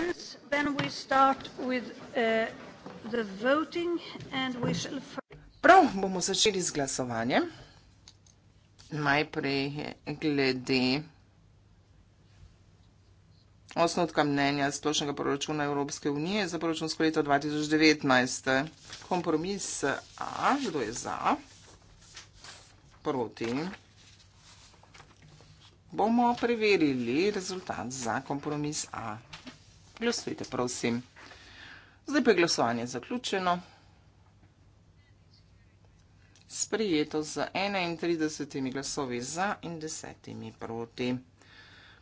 sense then we start with uh, the voting and we shall Prav, bomo začeli z glasovanjem. Najprej glede osnotka mnenja splošnega proračuna Evropske unije za proračunsko leto 2019. Kompromis A, kdo je za, proti. Bomo preverili rezultat za kompromis A. Glasujte, prosim. Zdaj pa je glasovanje zaključeno. Sprijeto z 31 glasovi za in 10 proti.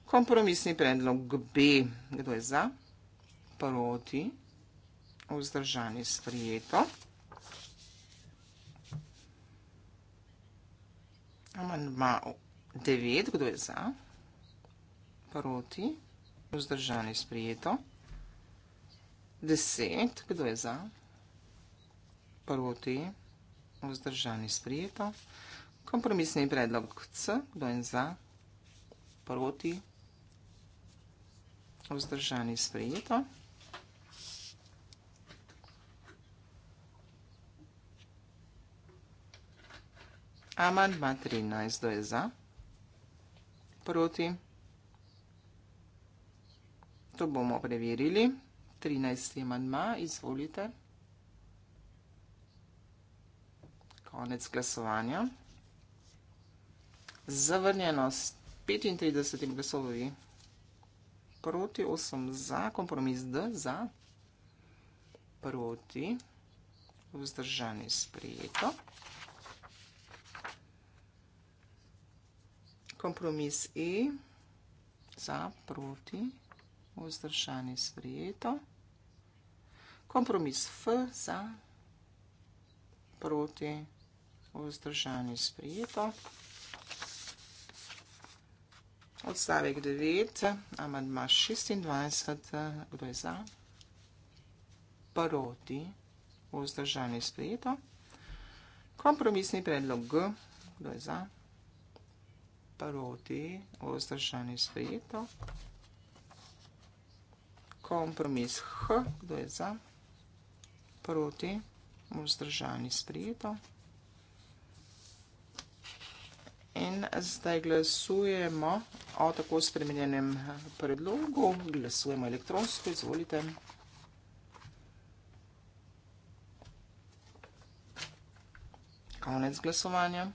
Kompromisni predlog B. Kdo je za? Proti. Vzdržanje sprijeto. Amandma 9. Kdo je za? Proti. Proti. Vzdržani sprijeto. Deset. Kdo je za? Prvo ti. Vzdržani sprijeto. Kompromisni predlog C. Kdo je za? Prvo ti. Vzdržani sprijeto. Amandma 13. Kdo je za? Proti. Proti. To bomo preverili. 13. manjma, izvolite. Konec glasovanja. Zavrnjeno s 35. glasovovi proti 8 za, kompromis D za, proti, vzdržani sprejeto. Kompromis E za, proti, vzdržani sprejeto vzdržani sprijeto. Kompromis F za, proti, vzdržani sprijeto. Odstavek 9, amadma 26, kdo je za, proti, vzdržani sprijeto. Kompromisni predlog G, kdo je za, proti, vzdržani sprijeto kompromis H, kdo je za, proti, vzdržani sprijeto. In zdaj glasujemo o tako spremenjenem predlogu, glasujemo elektronsko, izvolite. Konec glasovanja.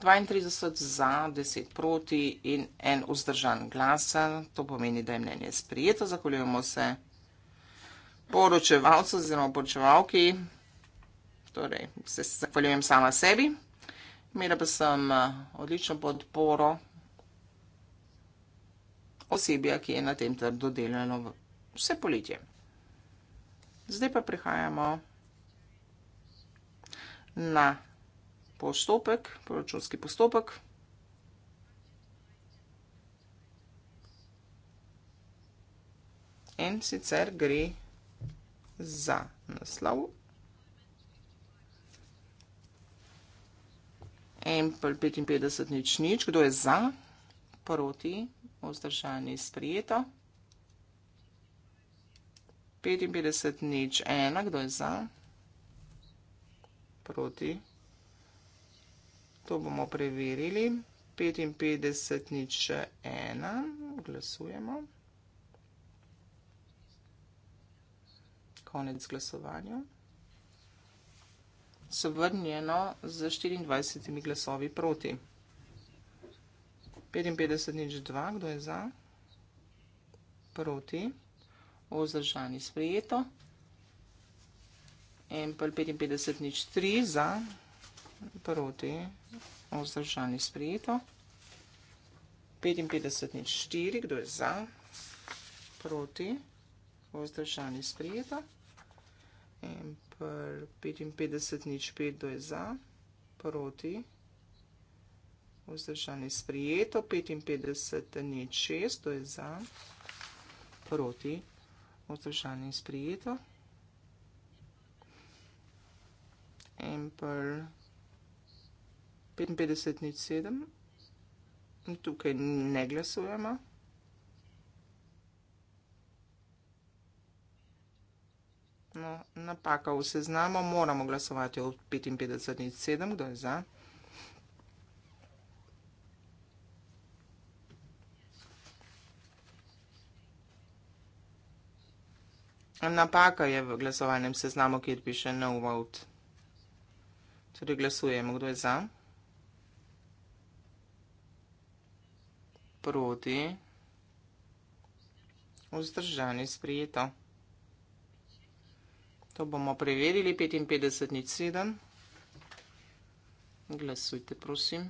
32 za, 10 proti in en vzdržan glas. To pomeni, da je mnenje sprijeto. Zahvaljujemo se poročevalcu oziroma poročevalki. Torej, se zahvaljujem sama sebi. Imela pa sem eh, odlično podporo osebja, ki je na tem trdo delano vse poletje. Zdaj pa prihajamo na postopek, proračunski postopek. In sicer gre za naslov. Ampel 55 nič nič, kdo je za, proti, vzdržani, sprijeto. 55 nič ena, kdo je za, proti, vzdržani, sprijeto. To bomo preverili. 55 nič še ena. Glasujemo. Konec glasovanja. Sovrnjeno z 24 glasovi proti. 55 nič dva. Kdo je za? Proti. Ozdržani sprejeto. Empel 55 nič tri za proti vzdržani sprejeto. 55 nič 4, kdo je za, proti vzdržani sprejeto. In pr 55 nič 5, kdo je za, proti vzdržani sprejeto. 55 nič 6, kdo je za, proti vzdržani sprejeto. In pr 55.07, tukaj ne glasujemo. No, napaka v seznamu, moramo glasovati od 55.07, kdo je za. Napaka je v glasovalnem seznamu, kjer piše no vote. Torej glasujemo, kdo je za. 55.07. proti, vzdržani sprijeto. To bomo preverili, 55 nič 7. Glasujte, prosim.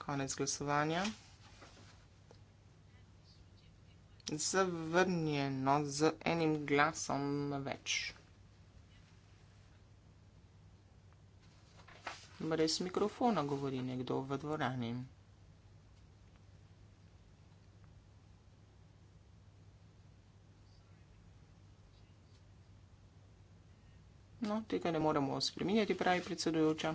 Konec glasovanja. Zavrnjeno z enim glasom več. Brez mikrofona govori nekdo v dvorani. No, tega ne moremo spreminjati, pravi predsedujoča.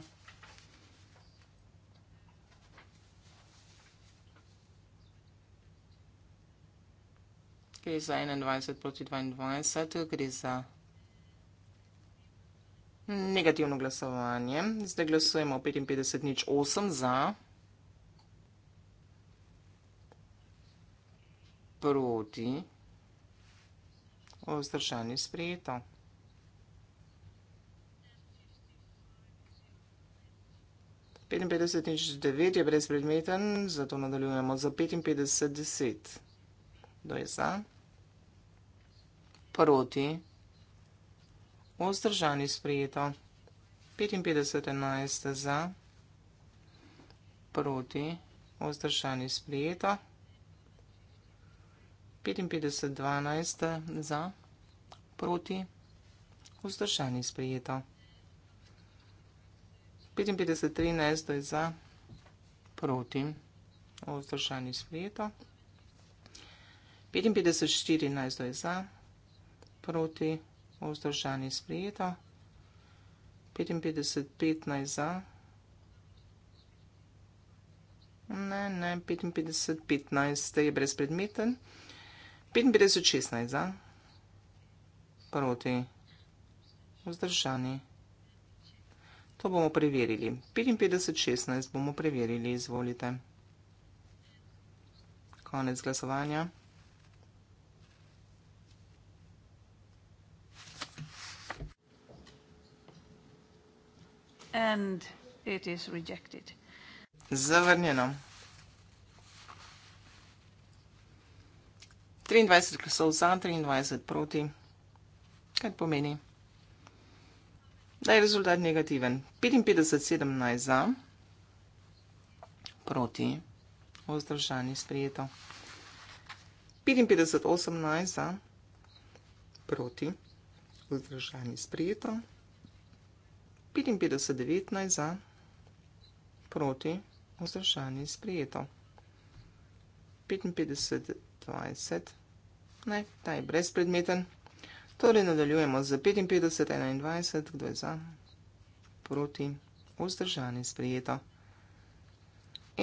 Gre za 21 proti 22, gre za negativno glasovanje. Zdaj glasujemo 55 nič 8 za. Proti. Ozdržanje sprejeto. 55 nič 9 je brezpredmeten, zato nadaljujemo za 55 10. Kdo je za? Proti. Ostržani sprijeto. 55 11 za. Proti. Ostržani sprijeto. 55 12 za. Proti. Ostržani sprijeto. 55, 13, to je za, proti, vzdržani sprijeto. 55, 14, to je za, proti, vzdržani sprijeto. 55, 15, za, ne, ne, 55, 15, to je brezpredmeten. 55, 16, za, proti, vzdržani sprijeto. To bomo preverili. 55-16 bomo preverili, izvolite. Konec glasovanja. And it is rejected. Zavrnjeno. 23 glasov za, 23 proti. Kaj pomeni? da je rezultat negativen. 55-17 za, proti, vzdržani, sprijeto. 55-18 za, proti, vzdržani, sprijeto. 55-19 za, proti, vzdržani, sprijeto. 55-20, ne, ta je brezpredmeten. 55-21 za, Torej nadaljujemo z 55-21, kdo je za, proti, vzdržani, sprijeto.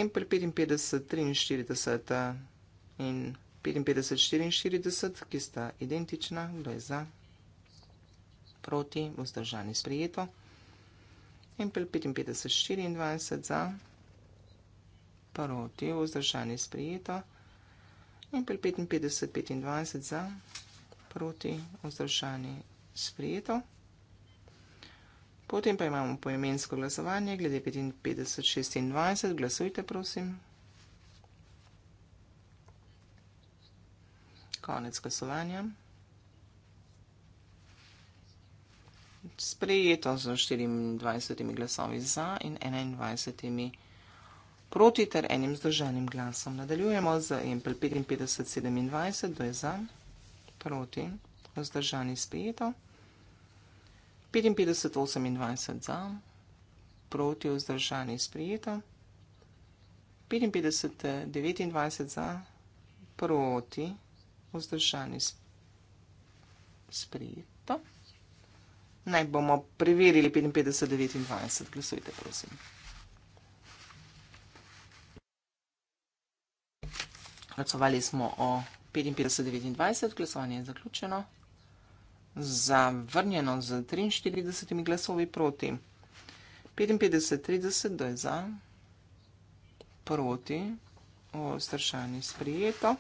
In pri 55-43 eh, in 55-44, ki sta identična, kdo je za, proti, vzdržani, sprijeto. In pri 55-24 za, proti, vzdržani, sprijeto. In pri 55-25 za, proti proti, vzdržani, sprejeto. Potem pa imamo poimensko glasovanje, glede 55-26, glasujte prosim. Konec glasovanja. Sprejeto z 24 glasovi za in 21 proti ter enim združenim glasom. Nadaljujemo z MPL 55-27, to je za proti, vzdržani sprijeto, 55, 28 za, proti, vzdržani sprijeto, 55, 29 za, proti, vzdržani sprijeto. Naj bomo preverili 55, 29, glasujte, prosim. Glasovali smo o 55-29, glasovanje je zaključeno. Zavrnjeno z 43 glasovi proti. 55-30, da je za, proti, ostršanje sprijeto.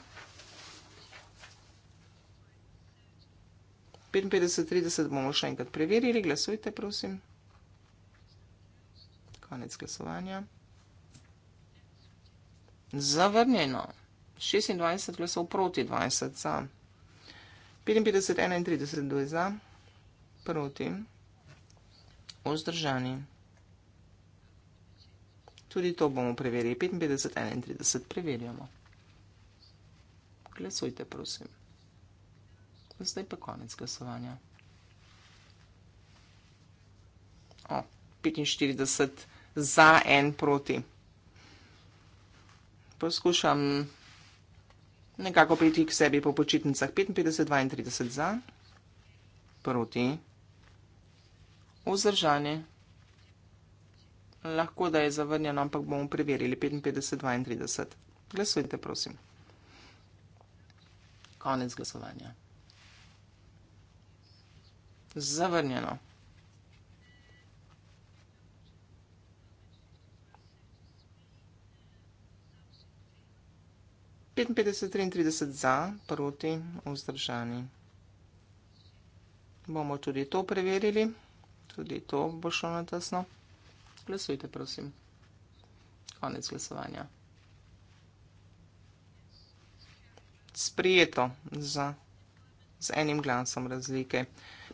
55-30 bomo še enkrat preverili, glasujte, prosim. Konec glasovanja. Zavrnjeno. 26 glasov proti 20 za. 55, 31, 2 za, proti, vzdržani. Tudi to bomo preverili. 55, 31, preverjamo. Glasujte, prosim. Zdaj pa konec glasovanja. O, 45 za, 1 proti. Poskušam nekako priti k sebi po počitnicah 55-32 za, proti, vzdržanje, lahko da je zavrnjeno, ampak bomo preverili 55-32. Glasujte, prosim. Konec glasovanja. Zavrnjeno. 55-32. 55, 33 za, proti, vzdržani. Bomo tudi to preverili, tudi to bo šlo na tesno. Glasujte, prosim. Konec glasovanja. Sprijeto za, z enim glasom razlike.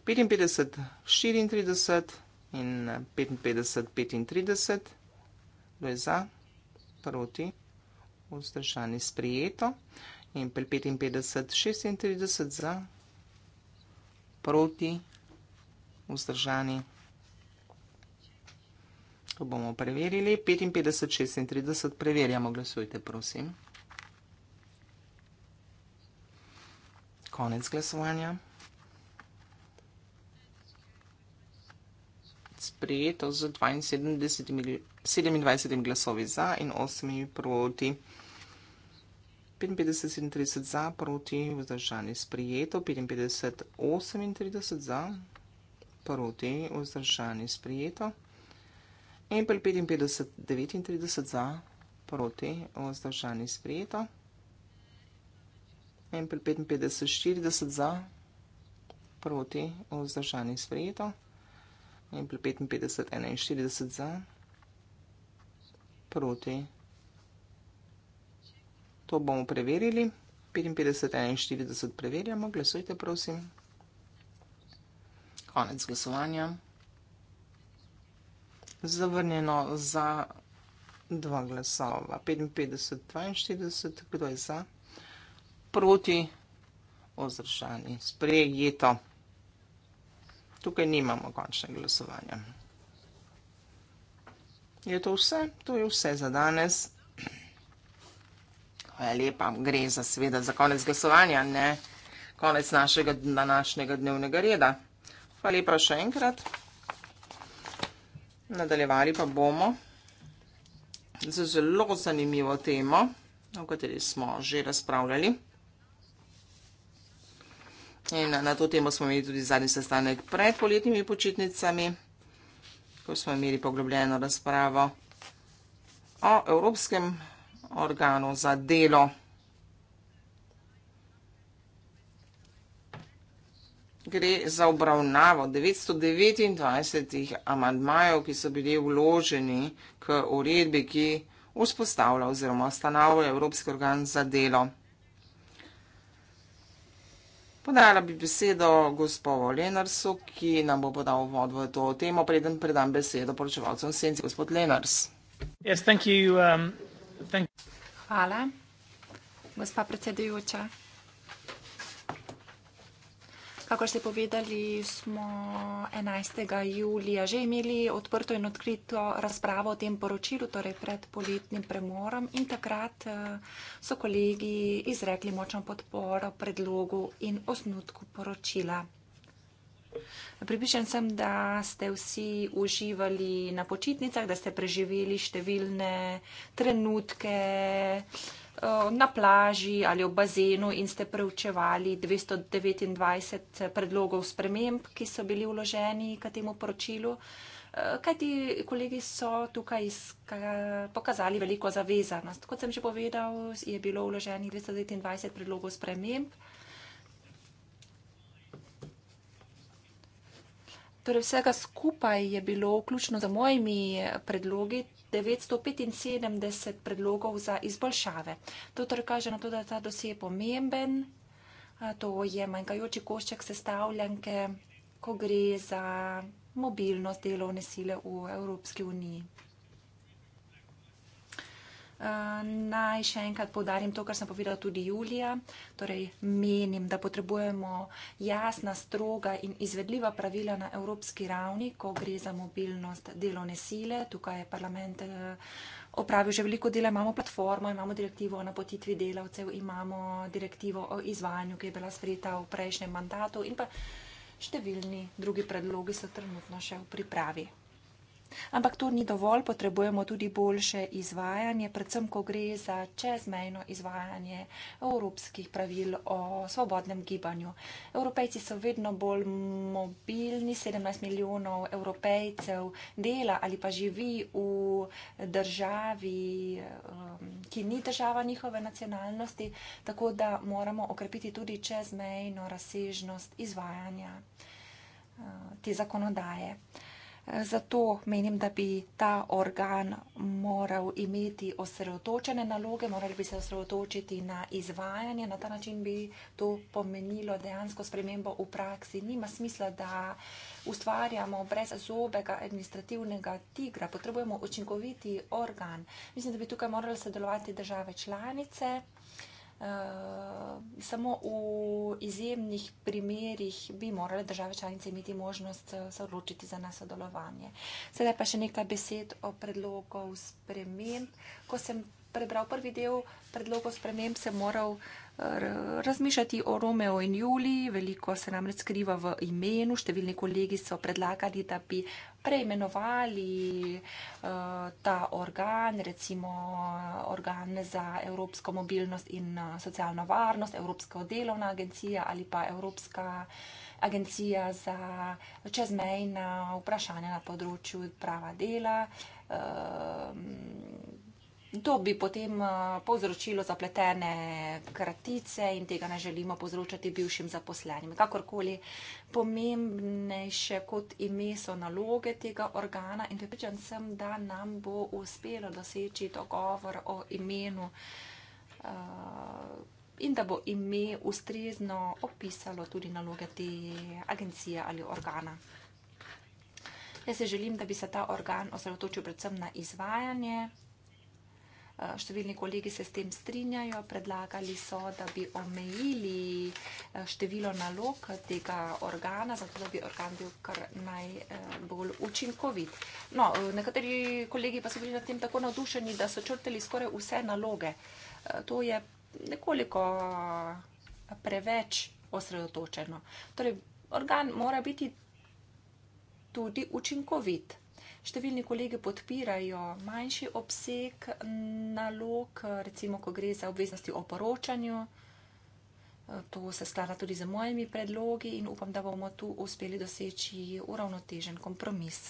55, 34 in 55, 35. Kdo je za? Proti vzdržani sprijeto in pri 55, 36 za proti vzdržani. To bomo preverili. 55, 36 preverjamo, glasujte prosim. Konec glasovanja. Sprijeto z 72 glasovi za in 8 proti vzdržani. 55, 37 za, proti, vzdržani, sprijeto, 55, 38 za, proti, vzdržani, sprijeto, Apple 55, 39 za, proti, vzdržani, sprijeto, Apple 55, 40 za, proti, vzdržani, sprijeto, Apple 55, 41 za, proti, vzdržani, sprijeto, to bomo preverili. 55-41 preverjamo, glasujte prosim. Konec glasovanja. Zavrnjeno za dva glasova. 55-42, kdo je za? Proti ozršani. Sprejeto. Tukaj nimamo končne glasovanja. Je to vse? To je vse za danes. Hvala lepa. Gre za seveda za konec glasovanja, ne konec našega današnjega dnevnega reda. Hvala lepa še enkrat. Nadaljevali pa bomo z zelo zanimivo temo, o kateri smo že razpravljali. In na to temo smo imeli tudi zadnji sestanek pred poletnimi počitnicami, ko smo imeli poglobljeno razpravo o evropskem organu za delo. Gre za obravnavo 929 amandmajev, ki so bili vloženi k uredbi, ki vzpostavlja oziroma ustanavlja Evropski organ za delo. Podajala bi besedo gospodu Lenarsu, ki nam bo podal vod v to temo, preden predam besedo poročevalcem senci, gospod Lenars. Yes, thank you, um, thank Hvala, gospa predsedujoča. Kako ste povedali, smo 11. julija že imeli odprto in odkrito razpravo o tem poročilu, torej pred poletnim premorom in takrat eh, so kolegi izrekli močno podporo predlogu in osnutku poročila. Pripričan sem, da ste vsi uživali na počitnicah, da ste preživeli številne trenutke eh, na plaži ali v bazenu in ste preučevali 229 predlogov sprememb, ki so bili vloženi k temu poročilu. Eh, Kaj ti kolegi so tukaj pokazali veliko zavezanost? Kot sem že povedal, je bilo vloženih 229 predlogov sprememb. Torej vsega skupaj je bilo, vključno z mojimi predlogi, 975 predlogov za izboljšave. To torej kaže na to, da je ta dosje pomemben, to je manjkajoči košček sestavljanke, ko gre za mobilnost delovne sile v Evropski uniji. Eh, naj še enkrat povdarim to, kar sem povedala tudi Julija. Torej, menim, da potrebujemo jasna, stroga in izvedljiva pravila na evropski ravni, ko gre za mobilnost delovne sile. Tukaj je parlament eh, opravil že veliko dela, imamo platformo, imamo direktivo o napotitvi delavcev, imamo direktivo o izvajanju, ki je bila sprejeta v prejšnjem mandatu in pa številni drugi predlogi so trenutno še v pripravi. Ampak to ni dovolj, potrebujemo tudi boljše izvajanje, predvsem, ko gre za čezmejno izvajanje evropskih pravil o svobodnem gibanju. Evropejci so vedno bolj mobilni, 17 milijonov evropejcev dela ali pa živi v državi, um, ki ni država njihove nacionalnosti, tako da moramo okrepiti tudi čezmejno razsežnost izvajanja uh, te zakonodaje. Zato menim, da bi ta organ moral imeti osredotočene naloge, morali bi se osredotočiti na izvajanje. Na ta način bi to pomenilo dejansko spremembo v praksi. Nima smisla, da ustvarjamo brez zobega administrativnega tigra. Potrebujemo učinkoviti organ. Mislim, da bi tukaj morali sodelovati države članice. Uh, Eh, samo v izjemnih primerjih bi morale države članice imeti možnost eh, se odločiti za nasodelovanje. Sedaj pa še nekaj besed o predlogov sprememb. Ko sem prebral prvi del predlogov sprememb, sem moral uh, razmišljati o Romeo in Juliji, veliko se namreč skriva v imenu, številni kolegi so predlagali, da bi preimenovali uh, ta organ, recimo organ za evropsko mobilnost in eh, socialno varnost, Evropska delovna agencija ali pa Evropska agencija za čezmejna vprašanja na področju prava dela. Uh, To bi potem eh, povzročilo zapletene kratice in tega ne želimo povzročati bivšim zaposlenim. Kakorkoli pomembnejše kot ime so naloge tega organa in pripričan sem, da nam bo uspelo doseči dogovor o imenu eh, in da bo ime ustrezno opisalo tudi naloge te agencije ali organa. Jaz se želim, da bi se ta organ osredotočil predvsem na izvajanje Eh, številni kolegi se s tem strinjajo, predlagali so, da bi omejili eh, število nalog tega organa, zato da bi organ bil kar najbolj eh, učinkovit. No, nekateri kolegi pa so bili nad tem tako navdušeni, da so črtali skoraj vse naloge. To je nekoliko preveč osredotočeno. Torej, organ mora biti tudi učinkovit. Številni kolegi podpirajo manjši obseg nalog, recimo, ko gre za obveznosti o poročanju. To se sklada tudi z mojimi predlogi in upam, da bomo tu uspeli doseči uravnotežen kompromis.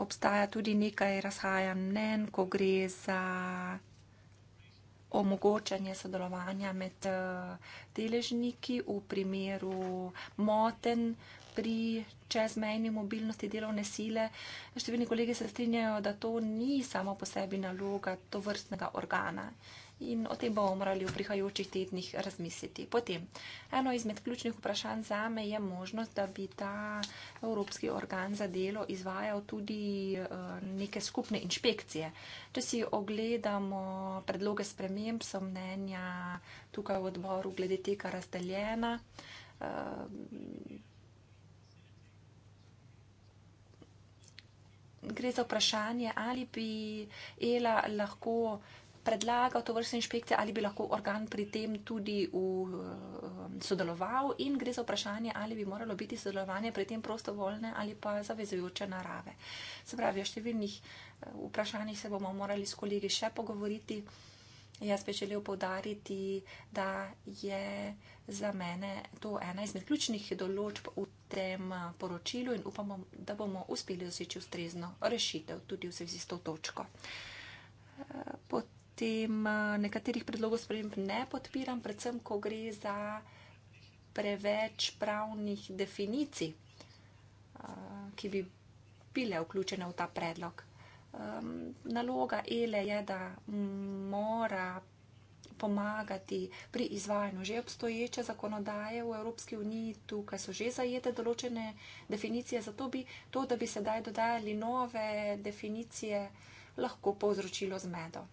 Obstaja tudi nekaj razhajanj mnen, ko gre za omogočanje sodelovanja med eh, deležniki v primeru moten pri čezmejni mobilnosti delovne sile. Številni kolegi se strinjajo, da to ni samo po sebi naloga to vrstnega organa. In o tem bomo morali v prihajajočih tednih razmisliti. Potem, eno izmed ključnih vprašanj za me je možnost, da bi ta Evropski organ za delo izvajal tudi eh, neke skupne inšpekcije. Če si ogledamo predloge sprememb, so mnenja tukaj v odboru glede tega razdeljena. Eh, gre za vprašanje, ali bi Ela lahko predlagal to vrstne inšpekcije, ali bi lahko organ pri tem tudi v, um, sodeloval in gre za vprašanje, ali bi moralo biti sodelovanje pri tem prostovoljne ali pa zavezujoče narave. Se pravi, o številnih uh, vprašanjih se bomo morali s kolegi še pogovoriti. Jaz bi želel povdariti, da je za mene to ena izmed ključnih določb v tem eh, poročilu in upamo, da bomo uspeli doseči ustrezno rešitev tudi v zvezi s to točko. Eh, potem eh, nekaterih predlogov sprejem ne podpiram, predvsem, ko gre za preveč pravnih definicij, ki bi bile vključene v ta predlog. Ehm, naloga ELE je, da mora pomagati pri izvajanju že obstoječe zakonodaje v Evropski uniji, tukaj so že zajete določene definicije, zato bi to, da bi sedaj dodajali nove definicije, lahko povzročilo zmedo.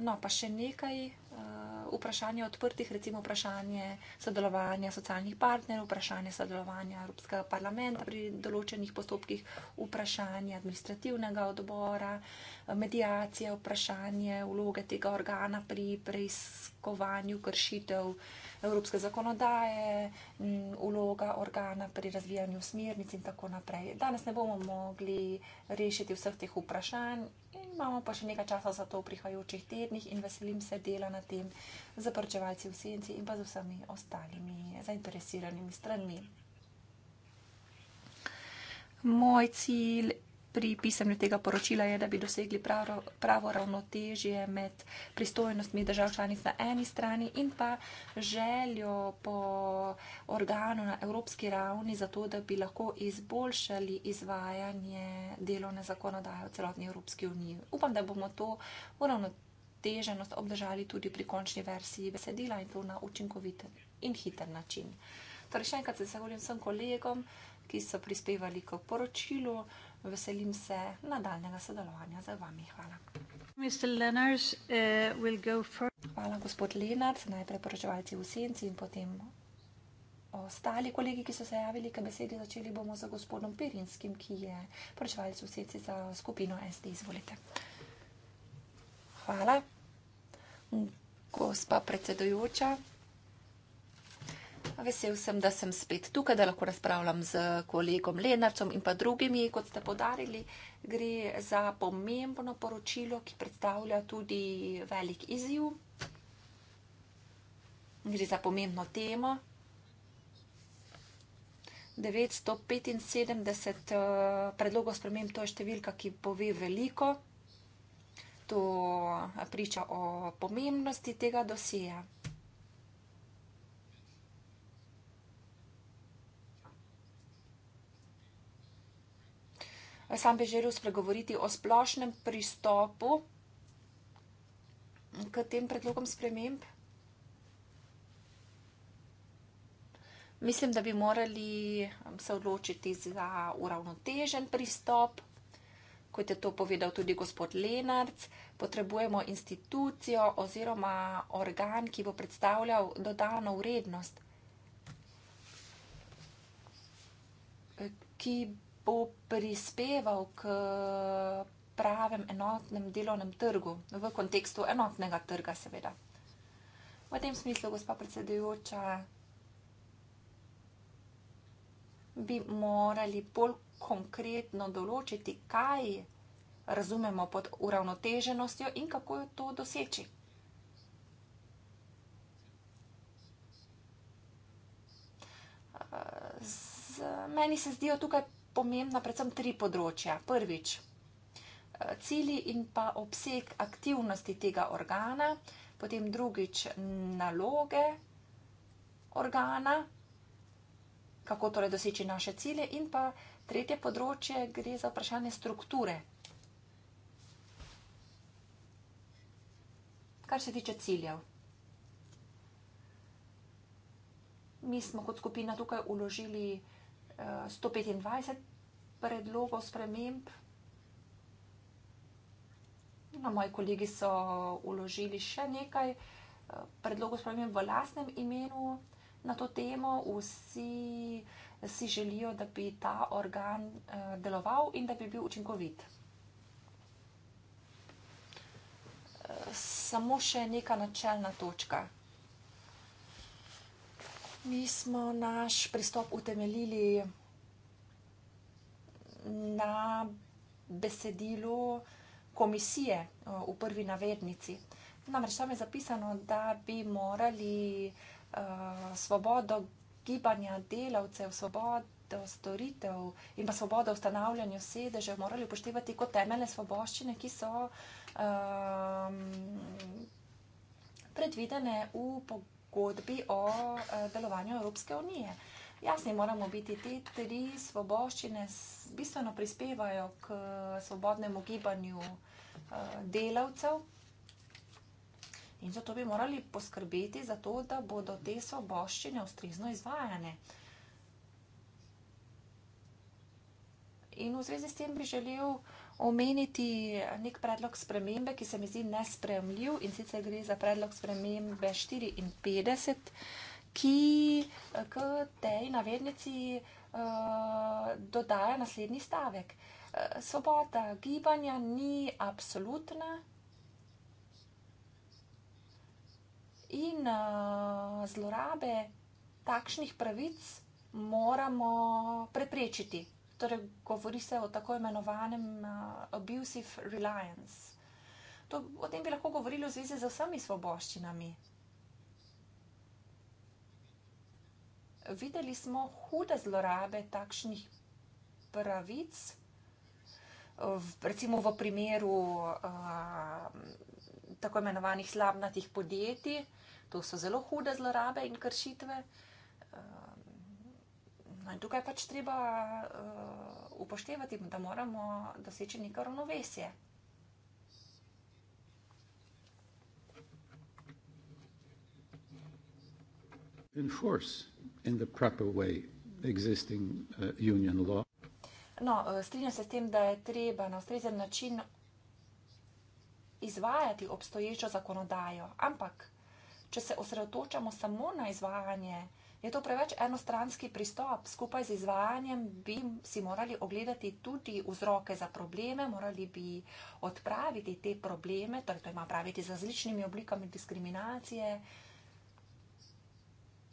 No, pa še nekaj Eh, vprašanje odprtih, recimo vprašanje sodelovanja socialnih partnerjev, vprašanje sodelovanja Evropskega parlamenta pri določenih postopkih, vprašanje administrativnega odbora, eh, medijacije, vprašanje vloge tega organa pri preiskovanju kršitev evropske zakonodaje, vloga organa pri razvijanju smernic in tako naprej. Danes ne bomo mogli rešiti vseh teh vprašanj. Imamo pa še nekaj časa za to v prihajajočih tednih in veselim se dela na tem zaprčevalci v senci in pa z vsemi ostalimi zainteresiranimi stranmi. Moj cilj pri pisanju tega poročila je, da bi dosegli pravo, pravo ravnotežje med pristojnostmi držav članic na eni strani in pa željo po organu na evropski ravni za to, da bi lahko izboljšali izvajanje delovne zakonodaje v celotni Evropski uniji. Upam, da bomo to uravnotežili uravnoteženost obdržali tudi pri končni versiji besedila in to na učinkovit in hiter način. Torej, še enkrat se zahvaljujem vsem kolegom, ki so prispevali k poročilu. Veselim se nadaljnega sodelovanja za vami. Hvala. Lenners, uh, Hvala, gospod Lenard, najprej poročevalci v senci in potem ostali kolegi, ki so se javili k besedi. Začeli bomo z gospodom Pirinskim, ki je poročevalec v senci za skupino SD. Izvolite. Hvala gospa predsedujoča. Vesel sem, da sem spet tukaj, da lahko razpravljam z kolegom Lenarcom in pa drugimi, kot ste podarili. Gre za pomembno poročilo, ki predstavlja tudi velik izziv. Gre za pomembno temo. 975 eh, predlogov sprememb, to je številka, ki pove veliko to eh, priča o pomembnosti tega dosija. Eh, sam bi želel spregovoriti o splošnem pristopu eh, k tem predlogom sprememb. Mislim, da bi morali se odločiti za uravnotežen pristop kot je to povedal tudi gospod Lenarc, potrebujemo institucijo oziroma organ, ki bo predstavljal dodano vrednost, ki bo prispeval k pravem enotnem delovnem trgu, v kontekstu enotnega trga, seveda. V tem smislu, gospa predsedujoča, bi morali bolj konkretno določiti, kaj razumemo pod uravnoteženostjo in kako jo to doseči. Z, meni se zdijo tukaj pomembna predvsem tri področja. Prvič, cilji in pa obseg aktivnosti tega organa, potem drugič naloge organa, kako torej doseči naše cilje in pa uh, Tretje področje gre za vprašanje strukture. Kar se tiče ciljev. Mi smo kot skupina tukaj uložili 125 eh, predlogov sprememb. No, moji kolegi so uložili še nekaj eh, predlogov sprememb v lastnem imenu na to temo. Vsi uh, si želijo, da bi ta organ eh, deloval in da bi bil učinkovit. Eh, samo še neka načelna točka. Mi smo naš pristop utemeljili na besedilu komisije eh, v prvi navednici. Namreč tam je zapisano, da bi morali uh, svobodo gibanja delavcev, svobodo storitev in pa svobodo ustanavljanja sedežev morali upoštevati kot temeljne svoboščine, ki so um, predvidene v pogodbi o uh, delovanju Evropske unije. Jasni moramo biti, te tri svoboščine bistveno prispevajo k eh, svobodnemu gibanju uh, delavcev. In zato bi morali poskrbeti za to, da bodo te svoboščine ustrezno izvajane. In v zvezi s tem bi želel omeniti nek predlog spremembe, ki se mi zdi nespremljiv in sicer gre za predlog spremembe 54, ki eh, k tej navednici uh, dodaja naslednji stavek. Eh, Svoboda gibanja ni absolutna, in uh, zlorabe takšnih pravic moramo preprečiti. Torej, govori se o tako imenovanem uh, abusive reliance. To, o tem bi lahko govorili v zvezi z vsemi svoboščinami. Videli smo hude zlorabe takšnih pravic, recimo v primeru tako imenovanih slabnatih podjetij, to so zelo hude zlorabe in kršitve. No in tukaj pač treba upoštevati, da moramo doseči neko ravnovesje. Enforce in the proper way existing uh, union law. No, eh, strinjam se s tem, da je treba na ustrezen način izvajati obstoječo zakonodajo, ampak če se osredotočamo samo na izvajanje, je to preveč enostranski pristop. Skupaj z izvajanjem bi si morali ogledati tudi vzroke za probleme, morali bi odpraviti te probleme, torej to ima praviti z različnimi oblikami diskriminacije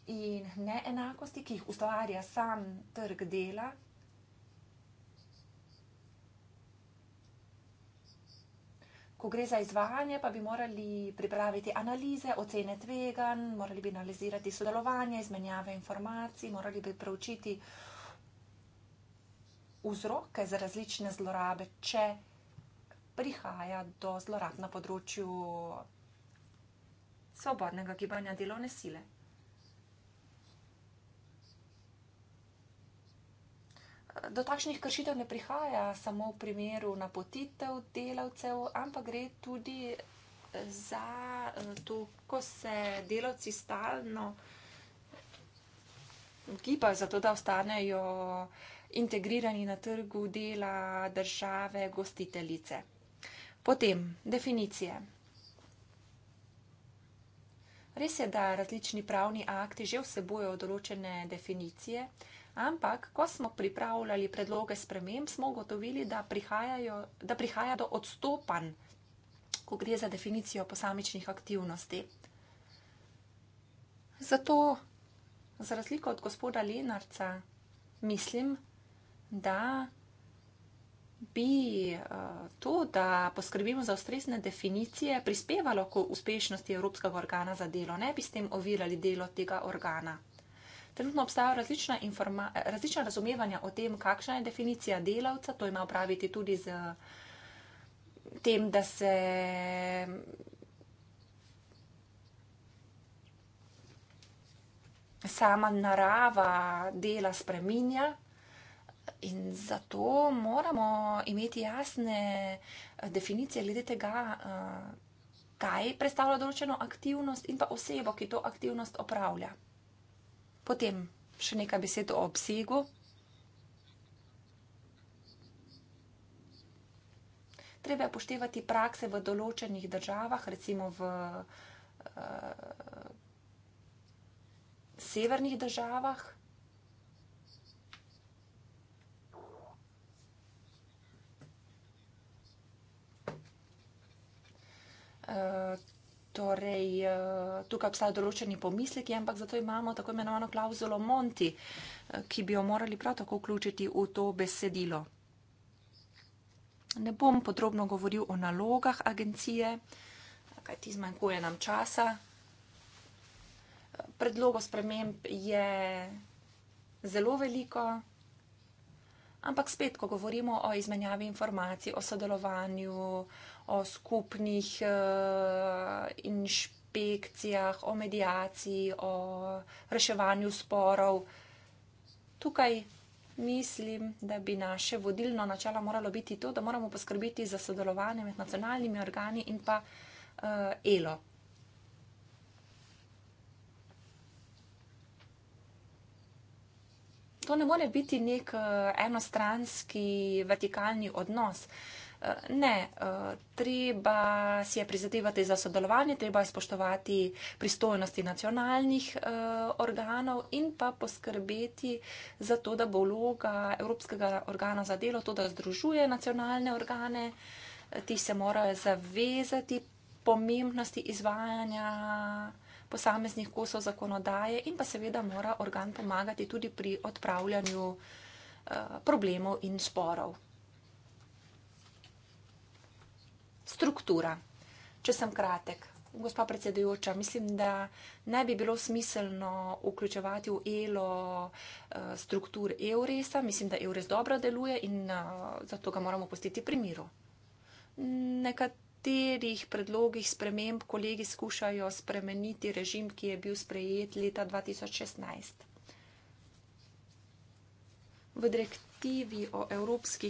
in neenakosti, ki jih ustvarja sam trg dela. ko gre za izvajanje, pa bi morali pripraviti analize, ocene tveganj, morali bi analizirati sodelovanje, izmenjave informacij, morali bi preučiti vzroke za različne zlorabe, če prihaja do zlorab na področju svobodnega gibanja delovne sile. do takšnih kršitev ne prihaja samo v primeru napotitev delavcev, ampak gre tudi eh, za eh, to, ko se delavci stalno gibajo za to, da ostanejo integrirani na trgu dela države gostiteljice. Potem definicije. Res je, da različni pravni akti že vsebojo določene definicije. Ampak, ko smo pripravljali predloge sprememb, smo gotovili, da, da prihaja do odstopanj, ko gre za definicijo posamičnih aktivnosti. Zato, za razliko od gospoda Lenarca, mislim, da bi eh, to, da poskrbimo za ustrezne definicije, prispevalo k uspešnosti Evropskega organa za delo. Ne bi s tem ovirali delo tega organa. Trenutno obstajajo različna, različna razumevanja o tem, kakšna je definicija delavca. To ima opraviti tudi z tem, da se. Sama narava dela spreminja in zato moramo imeti jasne eh, definicije glede tega, eh, kaj predstavlja določeno aktivnost in pa osebo, ki to aktivnost opravlja. Potem še nekaj besed o obsegu. Treba je poštevati prakse v določenih državah, recimo v uh, severnih državah. Uh, Torej, eh, tukaj obstajajo določeni pomisleki, ampak zato imamo tako imenovano klauzulo Monti, eh, ki bi jo morali prav tako vključiti v to besedilo. Ne bom podrobno govoril o nalogah agencije, kaj ti zmanjkuje nam časa. Predlogo sprememb je zelo veliko, ampak spet, ko govorimo o izmenjavi informacij, o sodelovanju, o skupnih uh, inšpekcijah, o medijaciji, o reševanju sporov. Tukaj mislim, da bi naše vodilno načelo moralo biti to, da moramo poskrbeti za sodelovanje med nacionalnimi organi in pa uh, ELO. To ne more biti nek eh, enostranski vertikalni odnos. Uh, Eh, ne, eh, treba si je prizadevati za sodelovanje, treba je spoštovati pristojnosti nacionalnih eh, organov in pa poskrbeti za to, da bo vloga Evropskega organa za delo to, da združuje nacionalne organe. Ti se morajo zavezati pomembnosti izvajanja posameznih kosov zakonodaje in pa seveda mora organ pomagati tudi pri odpravljanju problemov in sporov. Struktura. Če sem kratek, gospa predsedujoča, mislim, da ne bi bilo smiselno vključevati v ELO eh, struktur EURES-a. Mislim, da EURES dobro deluje in eh, zato ga moramo postiti pri miru. Nekaterih predlogih sprememb kolegi skušajo spremeniti režim, ki je bil sprejet leta 2016. V direktivi direktivi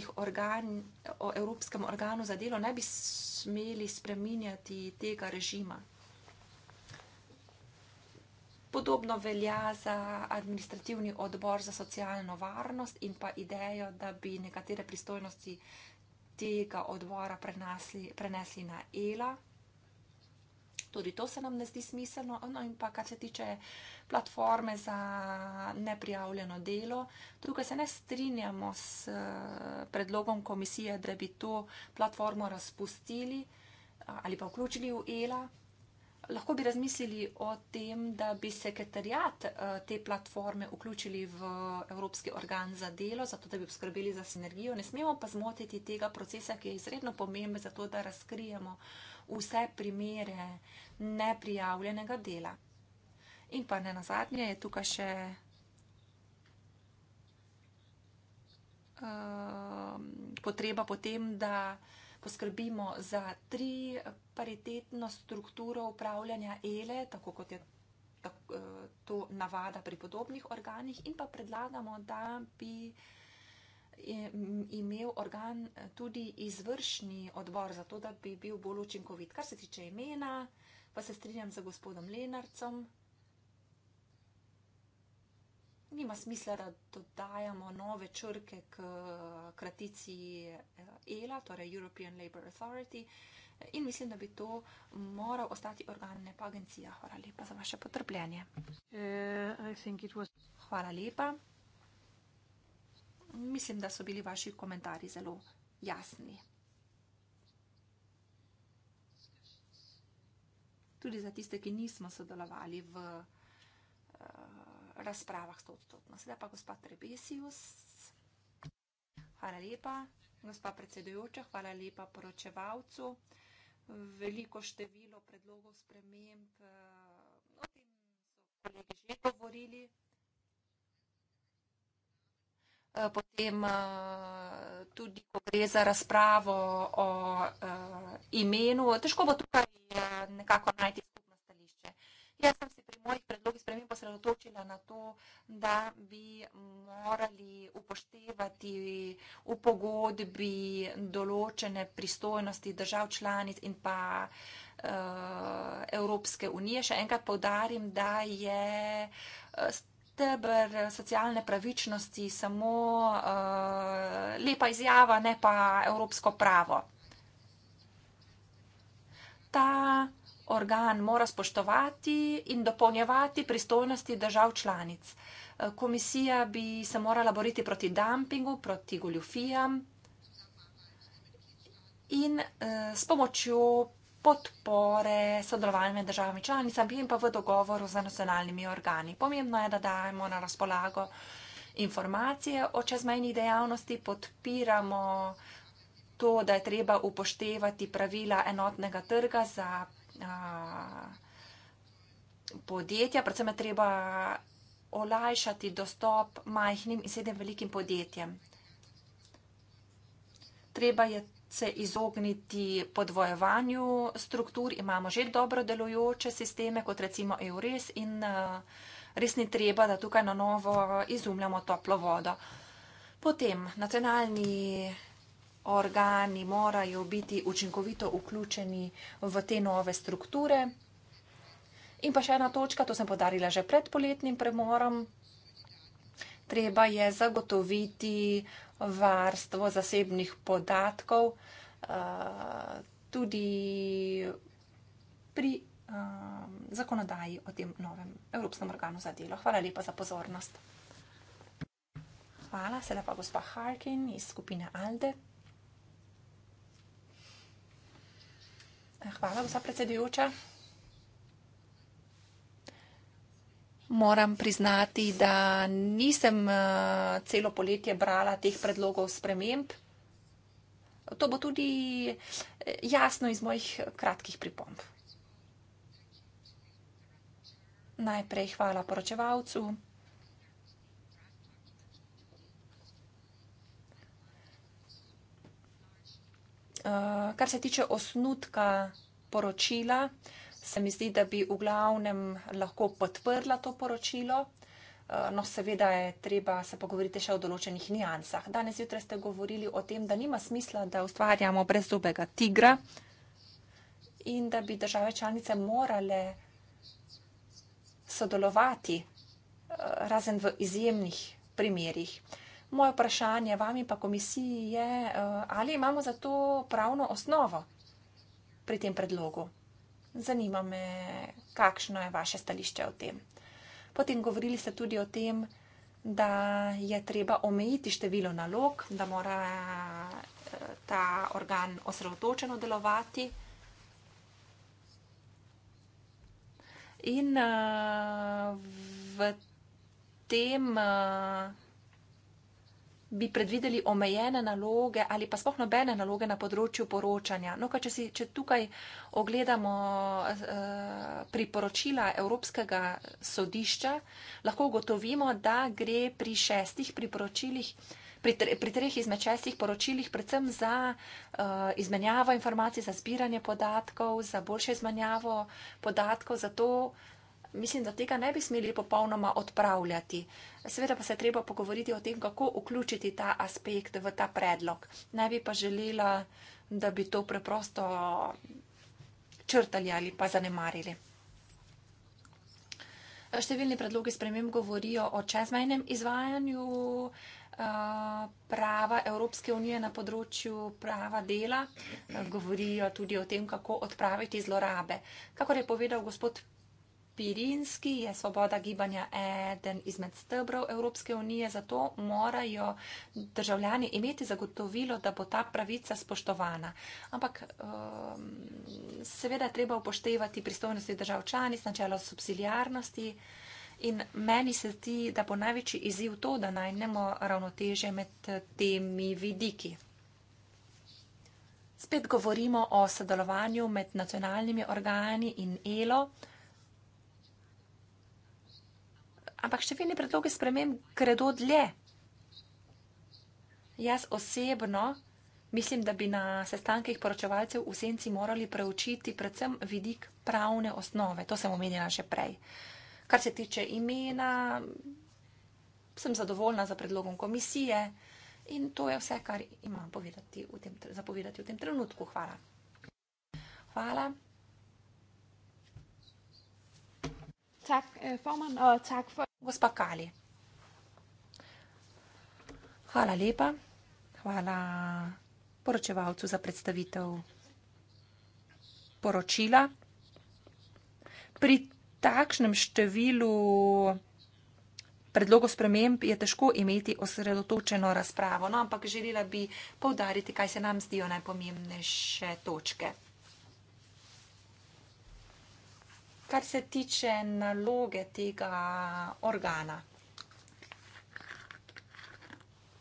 o, organ, o Evropskem organu za delo ne bi smeli spreminjati tega režima. Podobno velja za administrativni odbor za socialno varnost in pa idejo, da bi nekatere pristojnosti tega odbora prenesli, prenesli na ELA. Tudi to se nam ne zdi smiselno. No in pa kar se tiče platforme za neprijavljeno delo, tukaj se ne strinjamo s eh, predlogom komisije, da bi to platformo razpustili ali pa vključili v ELA. Lahko bi razmislili o tem, da bi sekretarjat eh, te platforme vključili v Evropski organ za delo, zato da bi poskrbeli za sinergijo. Ne smemo pa zmotiti tega procesa, ki je izredno pomemben, zato da razkrijemo vse primere neprijavljenega dela. In pa ne na zadnje je tukaj še ehm, potreba potem, da poskrbimo za tri paritetno strukturo upravljanja ele, e, tako kot je eh, to navada pri podobnih organih in pa predlagamo, da bi vsega imel organ eh, tudi izvršni odbor, zato da bi bil bolj učinkovit. Kar se tiče imena, pa se strinjam z gospodom Lenarcom. Nima smisla, da dodajamo nove črke k eh, kratici ELA, eh, e torej European Labour Authority, in mislim, da bi to moral ostati organ, ne pa agencija. Hvala lepa za vaše potrpljenje. Uh, was... Hvala lepa mislim, da so bili vaši komentarji zelo jasni. Tudi za tiste, ki nismo sodelovali v uh, razpravah stotodstotno. Sedaj pa gospod Trebesius. Hvala lepa, gospod predsedujoča, hvala lepa poročevalcu. Veliko število predlogov sprememb, uh, o tem so kolegi že govorili. Eh, potem eh, tudi, ko gre za razpravo o eh, imenu, težko bo tukaj nekako najti skupno stališče. Jaz sem se pri mojih predlogih spremem posredotočila na to, da bi morali upoštevati v pogodbi določene pristojnosti držav članic in pa Evropske unije. Še enkrat povdarim, da je stališče, steber socialne pravičnosti samo uh, lepa izjava, ne pa evropsko pravo. Ta organ mora spoštovati in dopolnjevati pristojnosti držav članic. Eh, komisija bi se morala boriti proti dumpingu, proti goljufijam in uh, s pomočjo podpore sodelovanja med državami članicami in pa v dogovoru z nacionalnimi organi. Pomembno je, da dajemo na razpolago informacije o čezmejni dejavnosti, podpiramo to, da je treba upoštevati pravila enotnega trga za a, podjetja, predvsem je treba olajšati dostop majhnim in sedem velikim podjetjem. Treba je se izogniti podvojevanju struktur, imamo že dobro delujoče sisteme, kot recimo EURES in eh, res ni treba, da tukaj na novo izumljamo toplo vodo. Potem, nacionalni organi morajo biti učinkovito vključeni v te nove strukture. In pa še ena točka, to sem podarila že pred poletnim premorom, treba je zagotoviti varstvo zasebnih podatkov, eh, tudi pri eh, zakonodaji o tem novem Evropskem organu za delo. Hvala lepa za pozornost. Hvala, sedaj pa gospa Harkin iz skupine ALDE. Eh, hvala, gospa predsedujoča. moram priznati, da nisem eh, celo poletje brala teh predlogov sprememb. To bo tudi eh, jasno iz mojih kratkih pripomb. Najprej hvala poročevalcu. Eh, kar se tiče osnutka poročila, se mi zdi, da bi v glavnem lahko podprla to poročilo. Eh, no, seveda je treba se pogovoriti še o določenih nijansah. Danes jutraj ste govorili o tem, da nima smisla, da ustvarjamo brezdubega tigra in da bi države članice morale sodelovati eh, razen v izjemnih primerjih. Moje vprašanje vami pa komisiji je, eh, ali imamo za to pravno osnovo pri tem predlogu. Zanima me, kakšno je vaše stališče o tem. Potem govorili ste tudi o tem, da je treba omejiti število nalog, da mora eh, ta organ osredotočeno delovati. In uh, v tem. Uh, bi predvideli omejene naloge ali pa sploh nobene naloge na področju poročanja. No, če, si, če tukaj ogledamo eh, priporočila Evropskega sodišča, lahko ugotovimo, da gre pri šestih priporočilih. Pri, tre, pri treh izmed šestih poročilih, predvsem za uh, izmenjavo informacij, za zbiranje podatkov, za boljše izmenjavo podatkov, za to, uh, mislim, da tega ne bi smeli popolnoma odpravljati. Seveda pa se je treba pogovoriti o tem, kako vključiti ta aspekt v ta predlog. Ne bi pa želela, da bi to preprosto črtali ali pa zanemarili. Številni predlogi sprememb govorijo o čezmejnem izvajanju eh, prava Evropske unije na področju prava dela, govorijo tudi o tem, kako odpraviti zlorabe. Kakor je povedal gospod Pirinski je svoboda gibanja eden izmed stebrov Evropske unije, zato morajo državljani imeti zagotovilo, da bo ta pravica spoštovana. Ampak um, seveda treba upoštevati pristojnosti držav članic, načelo subsidijarnosti in meni se zdi, da bo največji izziv to, da najnemo ravnoteže med temi vidiki. Spet govorimo o sodelovanju med nacionalnimi organi in ELO. ampak številni predlogi sprememb gredo dlje. Jaz osebno mislim, da bi na sestankih poročevalcev v senci morali preučiti predvsem vidik pravne osnove. To sem omenjala že prej. Kar se tiče imena, sem zadovoljna za predlogom komisije in to je vse, kar imam povedati v tem, zapovedati v tem trenutku. Hvala. Hvala. Tak, eh, formand, og tak for gospa Kali. Hvala lepa. Hvala poročevalcu za predstavitev poročila. Pri takšnem številu predlogov sprememb je težko imeti osredotočeno razpravo, no, ampak želela bi povdariti, kaj se nam zdijo najpomembnejše točke. kar se tiče naloge tega organa.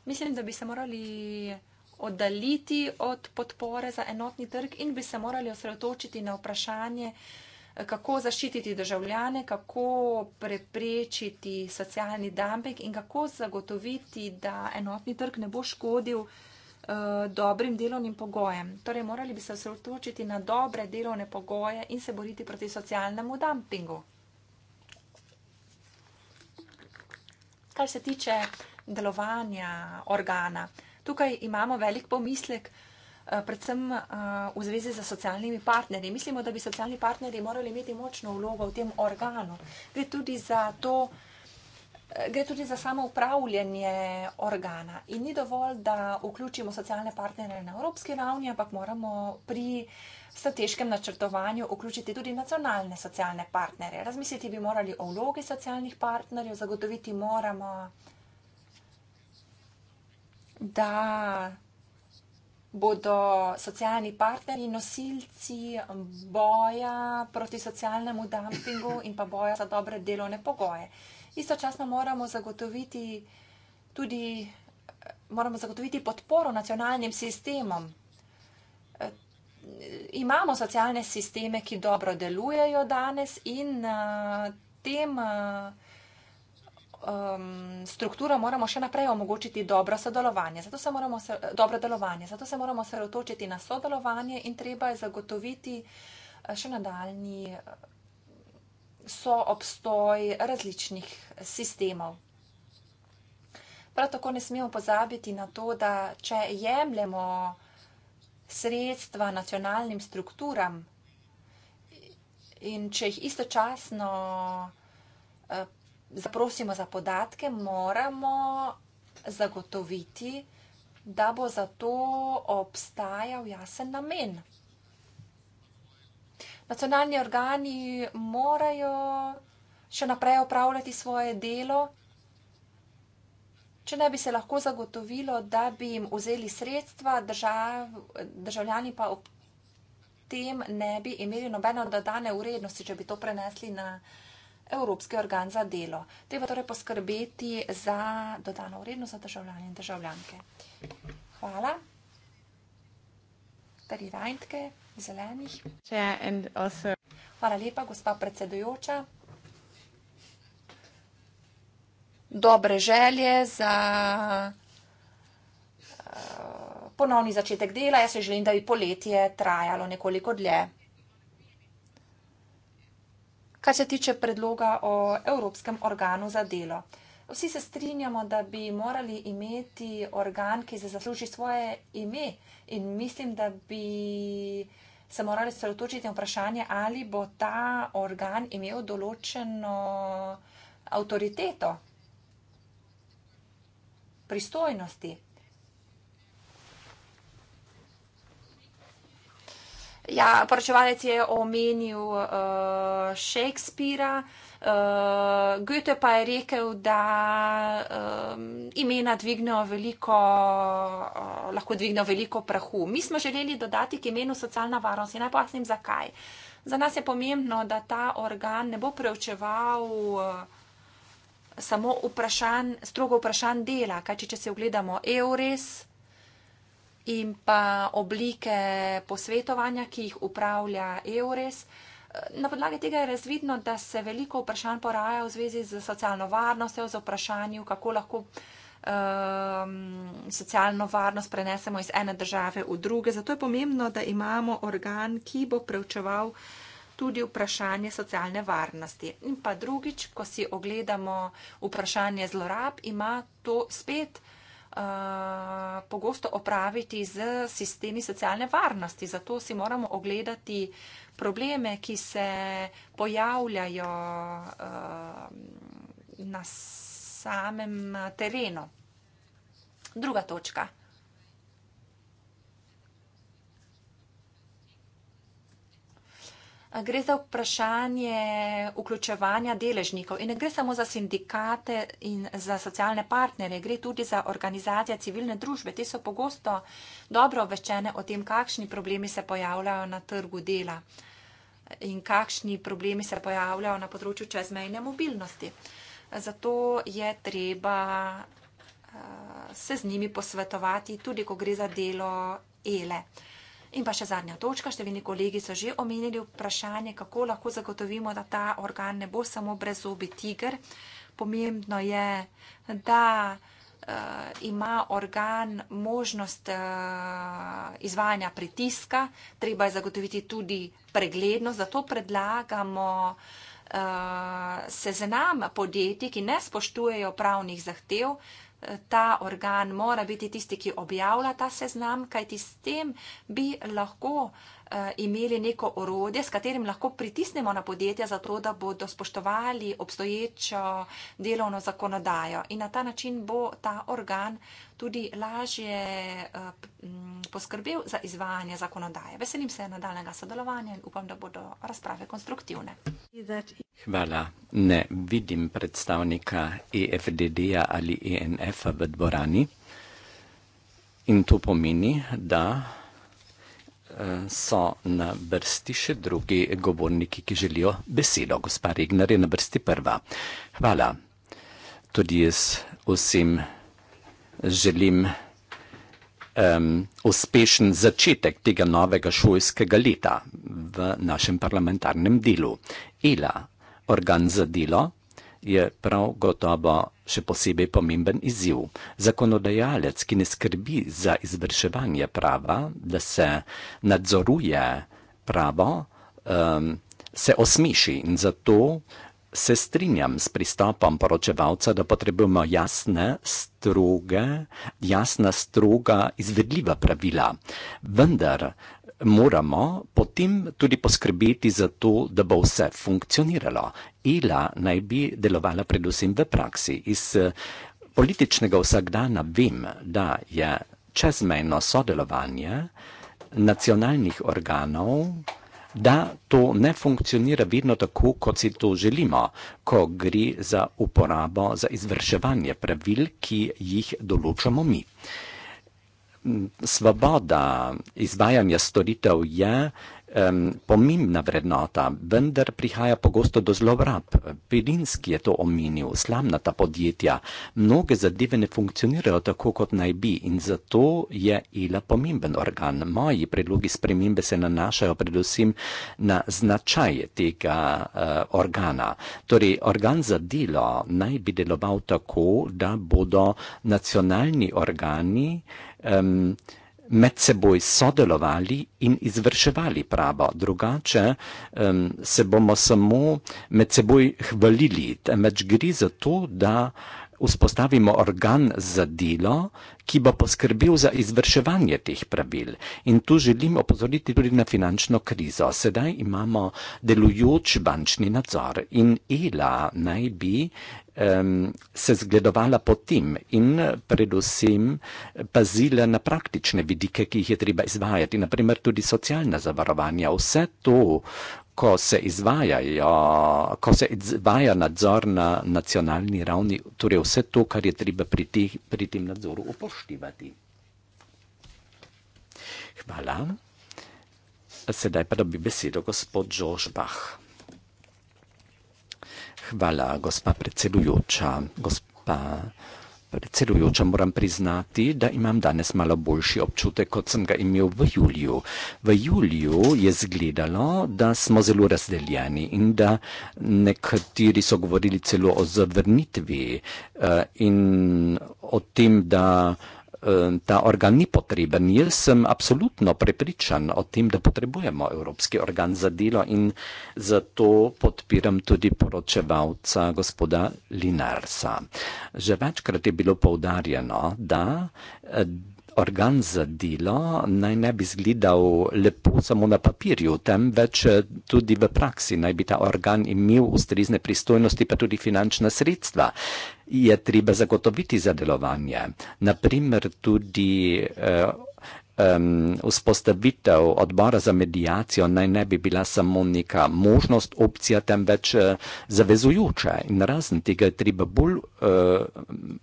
Mislim, da bi se morali oddaliti od podpore za enotni trg in bi se morali osredotočiti na vprašanje, eh, kako zaščititi državljane, kako preprečiti socialni dumping in kako zagotoviti, da enotni trg ne bo škodil. Eh, dobrim delovnim pogojem. Torej, morali bi se osredotočiti na dobre delovne pogoje in se boriti proti socialnemu dumpingu. Kar se tiče delovanja organa, tukaj imamo velik pomislek, eh, predvsem eh, v zvezi z socialnimi partnerji. Mislimo, da bi socialni partnerji morali imeti močno vlogo v tem organu. Gre tudi za to, da gre tudi za samo upravljanje organa. In ni dovolj, da vključimo socialne partnere na evropski ravni, ampak moramo pri strateškem načrtovanju vključiti tudi nacionalne socialne partnere. Razmisliti bi morali o vlogi socialnih partnerjev, zagotoviti moramo, da bodo socialni partnerji nosilci boja proti socialnemu dumpingu in pa boja za dobre delovne pogoje. Uh, Istočasno moramo zagotoviti tudi moramo zagotoviti podporo nacionalnim sistemom. E, imamo socialne sisteme, ki dobro delujejo danes in e, tem e, strukturo moramo še naprej omogočiti dobro sodelovanje. Zato se moramo se, dobro delovanje. Zato se moramo sredotočiti na sodelovanje in treba je zagotoviti še nadaljni so obstoj različnih sistemov. Prav tako ne smemo pozabiti na to, da če jemljemo sredstva nacionalnim strukturam in če jih istočasno eh, zaprosimo za podatke, moramo zagotoviti, da bo za to obstajal jasen namen nacionalni organi morajo še naprej opravljati svoje delo, če ne bi se lahko zagotovilo, da bi jim vzeli sredstva, držav, državljani pa ob tem ne bi imeli nobene dodane urednosti, če bi to prenesli na Evropski organ za delo. Treba torej poskrbeti za dodano urednost za državljanje in državljanke. Hvala tri rajtke, zelenih. Hvala lepa, gospa predsedujoča. Dobre želje za eh, ponovni začetek dela. Jaz se želim, da bi poletje trajalo nekoliko dlje. Kaj se tiče predloga o Evropskem organu za delo. Vsi se strinjamo, da bi morali imeti organ, ki se zasluži svoje ime in mislim, da bi se morali sredotočiti na vprašanje, ali bo ta organ imel določeno avtoriteto, pristojnosti. Ja, poročevalec je omenil uh, eh, Shakespeara uh, Goethe pa je rekel, da um, imena dvignejo veliko, uh, lahko dvignejo veliko prahu. Mi smo želeli dodati k imenu socialna varnost in naj pojasnim zakaj. Za nas je pomembno, da ta organ ne bo preučeval uh, samo vprašan, strogo vprašanj dela, kaj če se ogledamo EURES in pa oblike posvetovanja, ki jih upravlja EURES. Uh, Na podlagi tega je razvidno, da se veliko vprašanj poraja v zvezi z socialno varnostjo, z vprašanjem, kako lahko um, socialno varnost prenesemo iz ene države v druge. Zato je pomembno, da imamo organ, ki bo preučeval tudi vprašanje socialne varnosti. In pa drugič, ko si ogledamo vprašanje zlorab, ima to spet uh, pogosto opraviti z sistemi socialne varnosti. Zato si moramo ogledati probleme, ki se pojavljajo uh, na samem terenu. Druga točka. Gre za vprašanje vključevanja deležnikov in ne gre samo za sindikate in za socialne partnere, gre tudi za organizacije civilne družbe. Te so pogosto dobro obveščene o tem, kakšni problemi se pojavljajo na trgu dela in kakšni problemi se pojavljajo na področju čezmejne mobilnosti. Zato je treba eh, se z njimi posvetovati, tudi ko gre za delo ele. In pa še zadnja točka, številni kolegi so že omenili vprašanje, kako lahko zagotovimo, da ta organ ne bo samo brezobi tiger. Pomembno je, da uh, ima organ možnost uh, izvajanja pritiska, treba je zagotoviti tudi preglednost, zato predlagamo uh, eh, se znam podjetij, ki ne spoštujejo pravnih zahtev, uh, ta organ mora biti tisti, ki objavlja ta seznam, kajti s tem bi lahko uh, Eh, imeli neko orodje, s katerim lahko pritisnemo na podjetja, zato da bodo spoštovali obstoječo delovno zakonodajo. In na ta način bo ta organ tudi lažje eh, poskrbel za izvajanje zakonodaje. Veselim se nadaljnega sodelovanja in upam, da bodo razprave konstruktivne. Hvala. Ne vidim predstavnika EFDD-ja ali ENF-a v dvorani. In to pomeni, da so na vrsti še drugi govorniki, ki želijo besedo. Gospa Regnar je na vrsti prva. Hvala. Tudi jaz vsem želim um, uspešen začetek tega novega šolskega leta v našem parlamentarnem delu. Ela, organ za delo, je prav gotovo še posebej pomemben izziv. Zakonodajalec, ki ne skrbi za izvrševanje prava, da se nadzoruje pravo, um, se osmiši in zato se strinjam s pristopom poročevalca, da potrebujemo jasne, stroge, jasna, stroga, izvedljiva pravila. Vendar moramo potem tudi poskrbeti za to, da bo vse funkcioniralo. ILA naj bi delovala predvsem v praksi. Iz eh, političnega vsakdana vem, da je čezmejno sodelovanje nacionalnih organov, da to ne funkcionira vedno tako, kot si to želimo, ko gre za uporabo, za izvrševanje pravil, ki jih določamo mi. Svoboda izvajanja storitev je um, pomembna vrednota, vendar prihaja pogosto do zlorab. Pirinski je to omenil, slamnata podjetja. Mnoge zadeve ne funkcionirajo tako, kot naj bi in zato je ILA pomemben organ. Moji predlogi spremembe se nanašajo predvsem na značaj tega uh, organa. Torej, organ za delo naj bi deloval tako, da bodo nacionalni organi um, med seboj sodelovali in izvrševali pravo, drugače um, se bomo samo med seboj hvalili. Temveč gre za to, da vzpostavimo organ za delo, ki bo poskrbel za izvrševanje teh pravil. In tu želim opozoriti tudi na finančno krizo. Sedaj imamo delujoč bančni nadzor in ELA naj bi um, se zgledovala po tem in predvsem pazila na praktične vidike, ki jih je treba izvajati, naprimer tudi socialna zavarovanja. Vse to, ko se, ko se izvaja nadzor na nacionalni ravni, torej vse to, kar je treba pri, tih, pri tem nadzoru upoštevati. Hvala. Sedaj pa dobi besedo gospod Žožbah. Hvala, gospa predsedujoča, gospa. Predsedujoča, moram priznati, da imam danes malo boljši občutek, kot sem ga imel v juliju. V juliju je zgledalo, da smo zelo razdeljeni in da nekateri so govorili celo o zavrnitvi uh, in o tem, da uh, ta organ ni potreben. Jaz sem absolutno prepričan o tem, da potrebujemo Evropski organ za delo in zato podpiram tudi poročevalca gospoda Linarsa. Že večkrat je bilo poudarjeno, da organ za delo naj ne bi izgledal lepo samo na papirju, temveč eh, tudi v praksi naj bi ta organ imel ustrezne pristojnosti, pa tudi finančna sredstva. Je treba zagotoviti za delovanje. Naprimer, tudi eh, vzpostavitev um, odbora za medijacijo naj ne bi bila samo neka možnost, opcija, temveč eh, zavezujoča. In razen tega je treba bolj. Uh,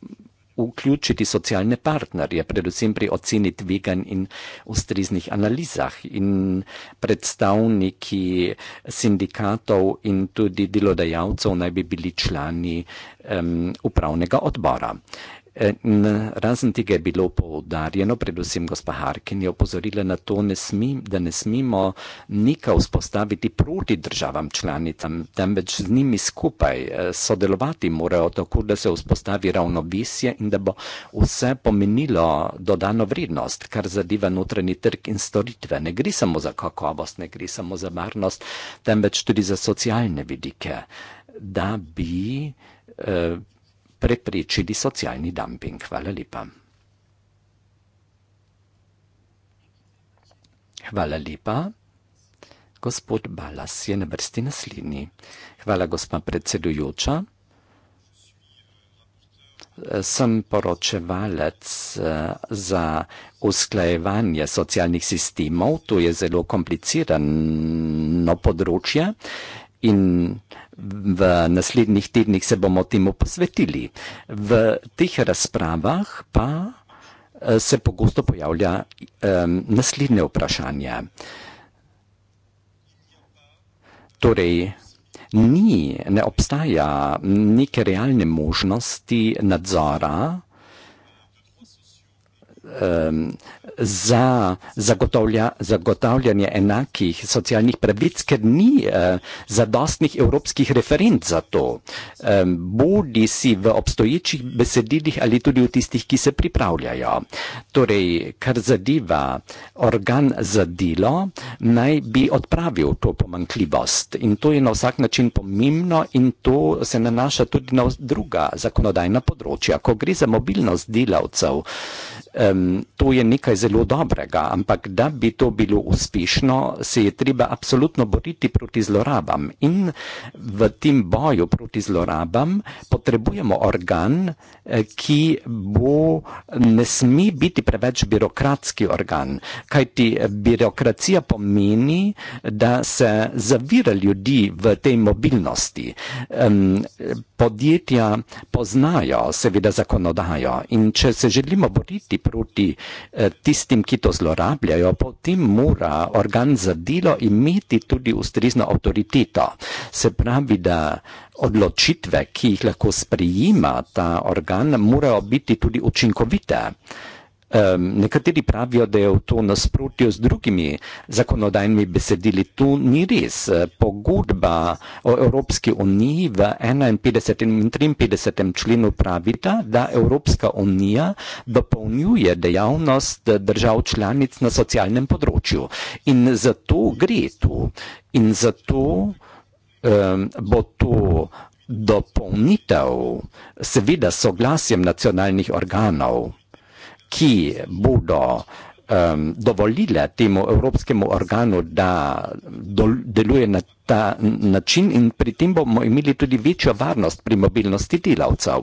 vključiti socialne partnerje, predvsem pri oceni tveganj in ustreznih analizah. In predstavniki sindikatov in tudi delodajalcev naj bi bili člani um, upravnega odbora. In e, razen tega je bilo poudarjeno, predvsem gospa Harkin je opozorila na to, ne smi, da ne smemo nekaj vzpostaviti proti državam članicam, temveč z njimi skupaj e, sodelovati morajo tako, da se vzpostavi ravnovesje in da bo vse pomenilo dodano vrednost, kar zadeva notranji trg in storitve. Ne gre samo za kakovost, ne gre samo za varnost, temveč tudi za socialne vidike, da bi. Eh, preprečili socialni dumping. Hvala lepa. Hvala lepa. Gospod Balas je na vrsti naslednji. Hvala, gospa predsedujoča. Sem poročevalec eh, za usklajevanje socialnih sistemov. To je zelo komplicirano področje in v naslednjih tednih se bomo temu posvetili. V teh razpravah pa eh, se pogosto pojavlja um, naslednje vprašanje. Torej, ni, ne obstaja neke realne možnosti nadzora um, za zagotavlja, zagotavljanje enakih socialnih pravic, ker ni eh, zadostnih evropskih referenc za to, eh, bodi si v obstoječih besedilih ali tudi v tistih, ki se pripravljajo. Torej, kar zadeva organ za delo, naj bi odpravil to pomankljivost in to je na vsak način pomembno in to se nanaša tudi na druga zakonodajna področja. Ko gre za mobilnost delavcev, eh, Um, to je nekaj zelo dobrega, ampak da bi to bilo uspešno, se je treba absolutno boriti proti zlorabam. In v tem boju proti zlorabam potrebujemo organ, eh, ki bo, ne sme biti preveč birokratski organ. Kaj ti eh, birokracija pomeni, da se zavira ljudi v tej mobilnosti. Um, podjetja poznajo seveda zakonodajo in če se želimo boriti proti eh, tistim, ki to zlorabljajo, potem mora organ za delo imeti tudi ustrezno avtoriteto. Se pravi, da odločitve, ki jih lahko sprejima ta organ, morajo biti tudi učinkovite. Um, nekateri pravijo, da je v to nasprotju z drugimi zakonodajnimi besedili. To ni res. Pogodba o Evropski uniji v 51. in 53. členu pravita, da Evropska unija dopolnjuje dejavnost držav članic na socialnem področju. In zato gre tu. In zato um, bo to dopolnitev, seveda soglasjem nacionalnih organov ki bodo um, dovolile temu evropskemu organu, da dol, deluje na ta način in pri tem bomo imeli tudi večjo varnost pri mobilnosti delavcev.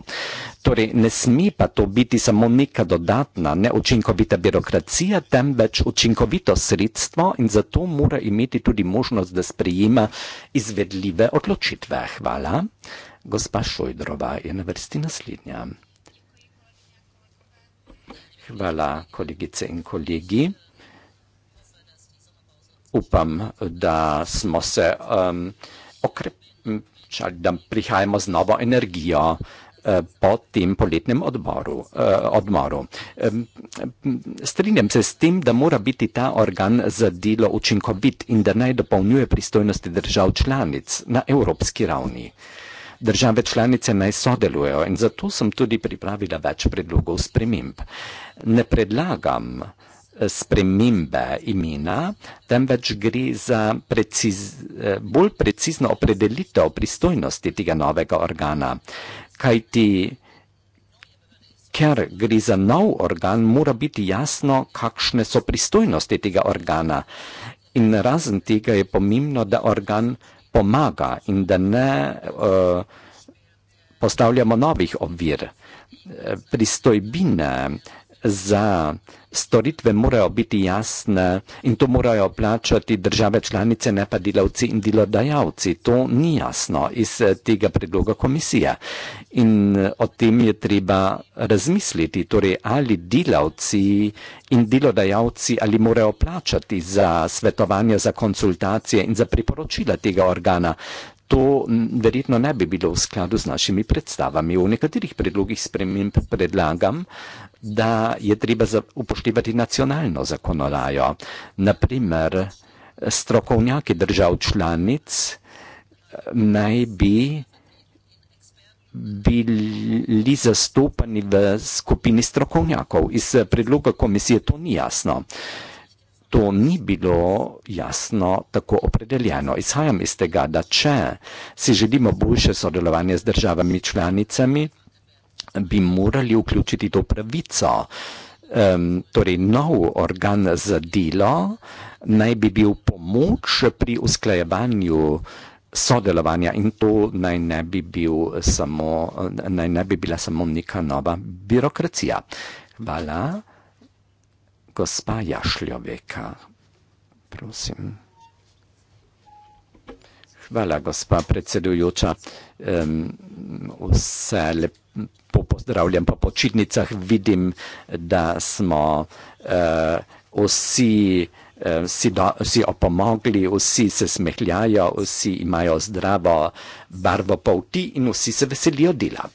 Torej, ne sme pa to biti samo neka dodatna, neučinkovita birokracija, temveč učinkovito sredstvo in zato mora imeti tudi možnost, da sprejema izvedljive odločitve. Hvala. Gospa Šojdrova je na vrsti naslednja. Hvala, kolegice in kolegi. Upam, da smo se um, okrepčali, da prihajamo z novo energijo eh, po tem poletnem odboru, eh, odmoru. Strinjam se s tem, da mora biti ta organ za delo učinkovit in da naj dopolnjuje pristojnosti držav članic na evropski ravni države članice naj sodelujo in zato sem tudi pripravila več predlogov sprememb. Ne predlagam eh, spremembe imena, temveč gre za preciz, eh, bolj precizno opredelitev pristojnosti tega novega organa. Kaj ti, ker gre za nov organ, mora biti jasno, kakšne so pristojnosti tega organa. In razen tega je pomembno, da organ pomaga in da ne uh, postavljamo novih ovir. Eh, pristojbine za uh, storitve morajo biti jasne in to morajo plačati države članice, ne pa delavci in delodajalci. To ni jasno iz eh, tega predloga komisije. In eh, o tem je treba razmisliti, torej ali delavci in delodajalci ali morajo plačati za svetovanje, za konsultacije in za priporočila tega organa. To verjetno ne bi bilo v skladu z našimi predstavami. V nekaterih predlogih sprememb predlagam, da je treba upoštevati nacionalno zakonodajo. Naprimer, strokovnjaki držav članic eh, naj bi bili zastopani v skupini strokovnjakov. Iz eh, predloga komisije to ni jasno. To ni bilo jasno tako opredeljeno. Izhajam iz tega, da če si želimo boljše sodelovanje z državami članicami, bi morali vključiti to pravico. Um, torej, nov organ za delo naj bi bil pomoč pri usklajevanju sodelovanja in to naj ne bi, bil samo, naj ne bi bila samo neka nova birokracija. Hvala, gospa Jašljoveka. Prosim. Hvala, gospa predsedujoča. Um, vse lepo po pozdravljam po počitnicah, vidim, da smo uh, vsi, uh, si do, vsi opomogli, vsi se smehljajo, vsi imajo zdravo barvo polti in vsi se veselijo dela.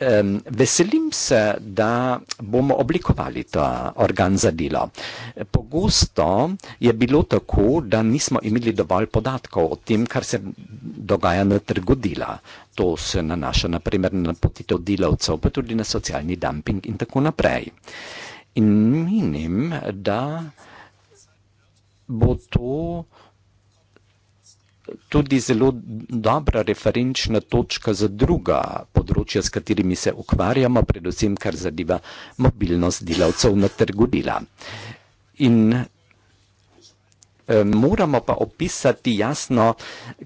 Um, veselim se, da bomo oblikovali ta organ za delo. Pogosto je bilo tako, da nismo imeli dovolj podatkov o tem, kar se dogaja na trgu dela to se nanaša naprimer na napotitev delavcev, pa tudi na socialni dumping in tako naprej. In menim, da bo to tudi zelo dobra referenčna točka za druga področja, s katerimi se ukvarjamo, predvsem kar zadeva mobilnost delavcev na trgu dela. In Eh, moramo pa opisati jasno,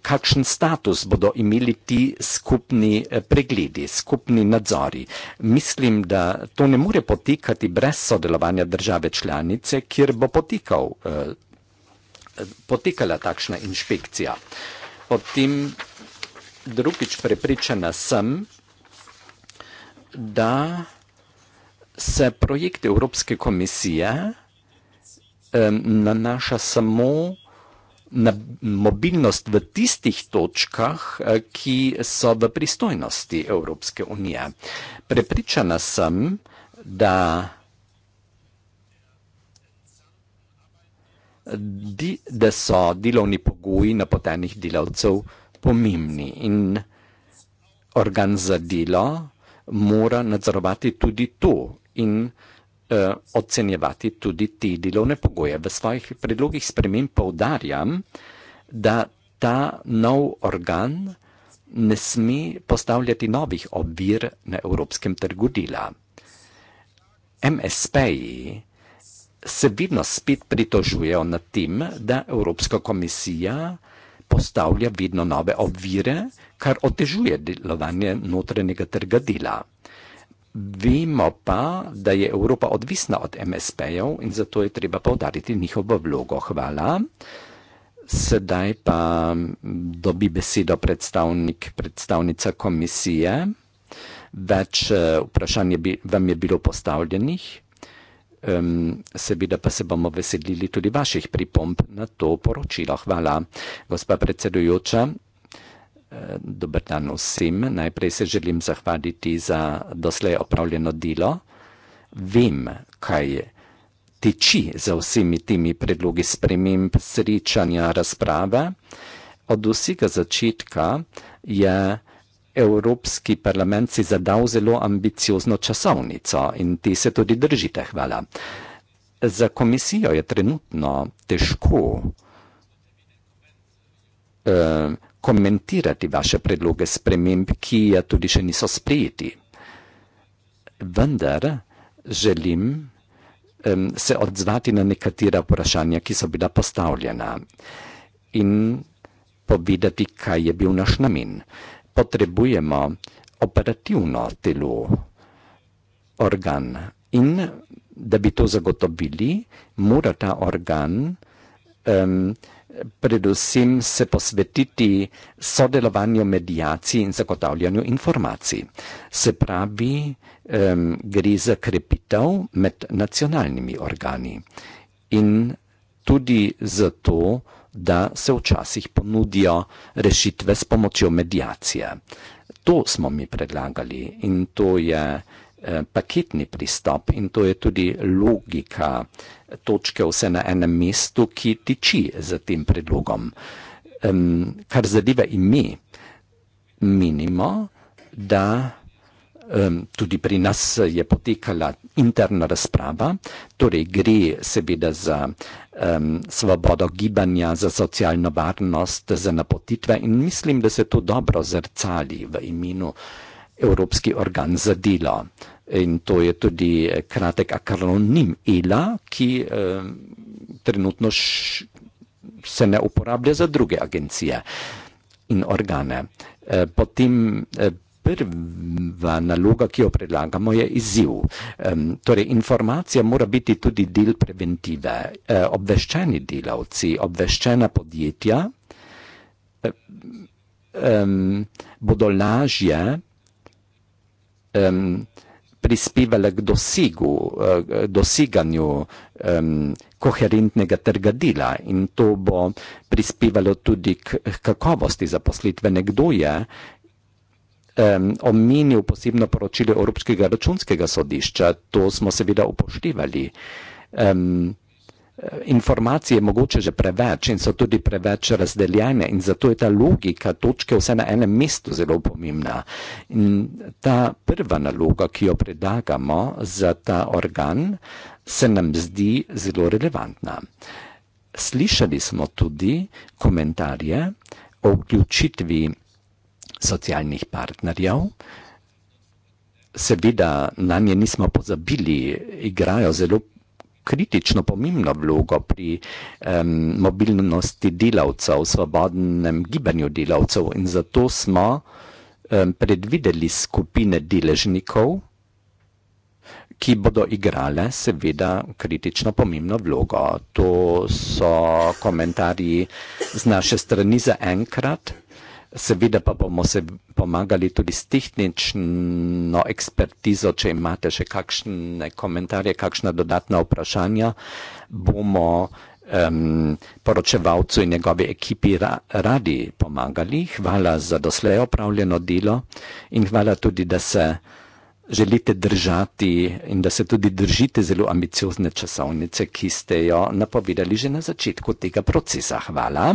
kakšen status bodo imeli ti skupni eh, pregledi, skupni nadzori. Mislim, da to ne more potekati brez sodelovanja države članice, kjer bo potekal, eh, potekala takšna inšpekcija. Potem drugič prepričana sem, da se projekte Evropske komisije nanaša samo na mobilnost v tistih točkah, eh, ki so v pristojnosti Evropske unije. Prepričana sem, da da so delovni pogoji napotenih delavcev pomembni in organ za delo mora nadzorovati tudi to in vsega eh, ocenjevati tudi te delovne pogoje. V svojih predlogih spremem povdarjam, da ta nov organ ne sme postavljati novih obvir na evropskem trgu dela. MSP-ji se vedno spet pritožujejo nad tem, da Evropska komisija postavlja vedno nove obvire, kar otežuje delovanje notranjega trga dela. Vemo pa, da je Evropa odvisna od MSP-jev in zato je treba povdariti njihovo vlogo. Hvala. Sedaj pa dobi besedo predstavnik, predstavnica komisije. Več eh, vprašanj je bi, vam je bilo postavljenih. Um, Seveda pa se bomo veselili tudi vaših pripomb na to poročilo. Hvala, gospa predsedujoča. Dober dan vsem. Najprej se želim zahvaliti za doslej opravljeno delo. Vem, kaj teči za vsemi temi predlogi sprememb, srečanja, razprave. Od vsega začetka je Evropski parlament si zadal zelo ambiciozno časovnico in ti se tudi držite, hvala. Za komisijo je trenutno težko. Uh, komentirati vaše predloge sprememb, ki ja tudi še niso sprejeti. Vendar želim um, se odzvati na nekatera vprašanja, ki so bila postavljena in povedati, kaj je bil naš namen. Potrebujemo operativno telo, organ in da bi to zagotovili, mora ta organ um, predvsem se posvetiti sodelovanju, medijaciji in zagotavljanju informacij. Se pravi, um, gre za krepitev med nacionalnimi organi in tudi zato, da se včasih ponudijo rešitve s pomočjo medijacije. To smo mi predlagali in to je. Eh, paketni pristop in to je tudi logika točke vse na enem mestu, ki tiči za tem predlogom. Um, kar zadeva ime, menimo, da um, tudi pri nas je potekala interna razprava, torej gre seveda za um, svobodo gibanja, za socialno varnost, za napotitve in mislim, da se to dobro zrcali v imenu Evropski organ za delo in to je tudi eh, kratek akronim ELA, ki eh, trenutno š, se ne uporablja za druge agencije in organe. Eh, potem eh, Prva naloga, ki jo predlagamo, je izziv. Um, torej, informacija mora biti tudi del preventive. E, obveščeni delavci, obveščena podjetja e, um, bodo lažje um, prispevale k dosegu, eh, doseganju um, koherentnega trga dela in to bo prispevalo tudi k kakovosti zaposlitve. Nekdo je um, omenil posebno poročilo Evropskega računskega sodišča, to smo seveda upoštevali. Um, informacije mogoče že preveč in so tudi preveč razdeljene in zato je ta logika točke vse na enem mestu zelo pomembna. In ta prva naloga, ki jo predagamo za ta organ, se nam zdi zelo relevantna. Slišali smo tudi komentarje o vključitvi socialnih partnerjev, Seveda na nje nismo pozabili, igrajo zelo kritično pomembno vlogo pri um, mobilnosti delavcev, svobodnem gibanju delavcev in zato smo um, predvideli skupine deležnikov, ki bodo igrale seveda kritično pomembno vlogo. To so komentarji z naše strani za enkrat. Seveda pa bomo se pomagali tudi s tehnično ekspertizo, če imate še kakšne komentarje, kakšna dodatna vprašanja, bomo um, poročevalcu in njegovi ekipi ra radi pomagali. Hvala za doslej opravljeno delo in hvala tudi, da se želite držati in da se tudi držite zelo ambiciozne časovnice, ki ste jo napovedali že na začetku tega procesa. Hvala.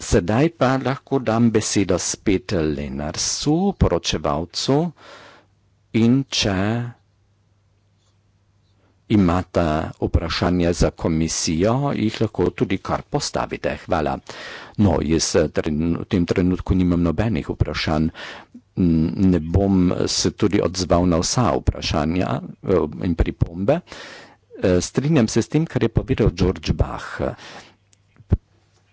Sedaj pa lahko dam besedo spet Lenarsu, poročevalcu, in če imate vprašanje za komisijo, jih lahko tudi kar postavite. Hvala. No, jaz v tem trenutku nimam nobenih vprašanj. Ne bom se tudi odzval na vsa vprašanja eh, in pripombe. Eh, strinjam se s tem, kar je povedal George Bach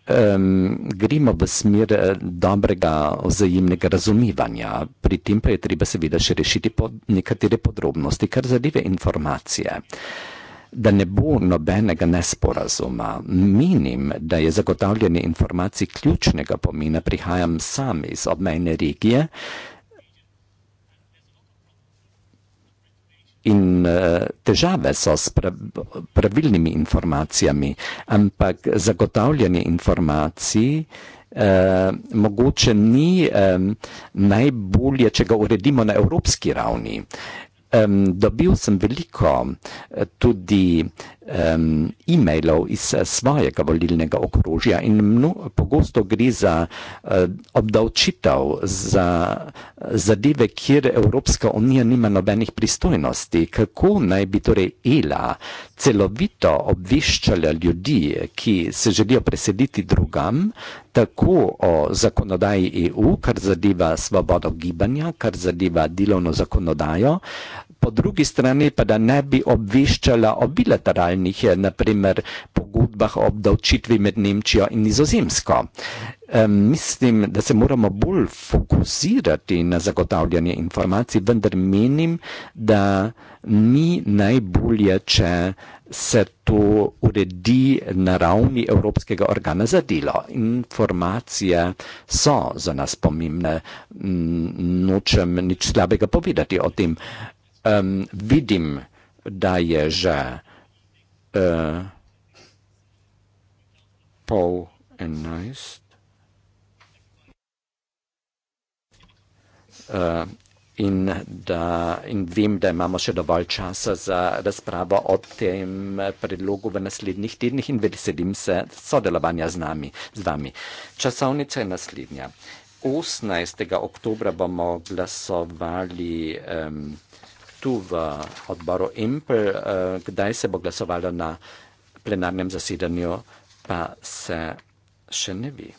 um, gremo v smer eh, dobrega vzajemnega razumevanja, pri tem pa je treba seveda še rešiti pod nekatere podrobnosti, kar zadeve informacije. Da ne bo nobenega nesporazuma, menim, da je zagotavljanje informacij ključnega pomena, prihajam sam iz obmejne regije, in uh, težave so s pravilnimi informacijami, ampak zagotavljanje informacij uh, mogoče ni um, najbolje, če ga uredimo na evropski ravni. Um, dobil sem veliko eh, tudi uh, e-mailov iz eh, svojega volilnega okrožja in pogosto gre za eh, obdavčitev, za eh, zadeve, kjer Evropska unija nima nobenih pristojnosti. Kako naj bi torej ELA celovito obveščala ljudi, ki se želijo presediti drugam, tako o zakonodaji EU, kar zadeva svobodo gibanja, kar zadeva delovno zakonodajo, po drugi strani pa da ne bi obveščala o bilateralnih, eh, naprimer, pogodbah o obdavčitvi med Nemčijo in Nizozemsko. Um, mislim, da se moramo bolj fokusirati na zagotavljanje informacij, vendar menim, da ni najbolje, če se to uredi na ravni Evropskega organa za delo. Informacije so za nas pomembne, nočem nič slabega povedati o tem um, vidim, da je že uh, pol enajst uh, in, da, in vem, da imamo še dovolj časa za razpravo o tem predlogu v naslednjih tednih in veselim se sodelovanja z, nami, z vami. Časovnica je naslednja. 18. oktobra bomo glasovali. Um, tu v odboru Impel, eh, kdaj se bo glasovalo na plenarnem zasedanju, pa se še ne ve.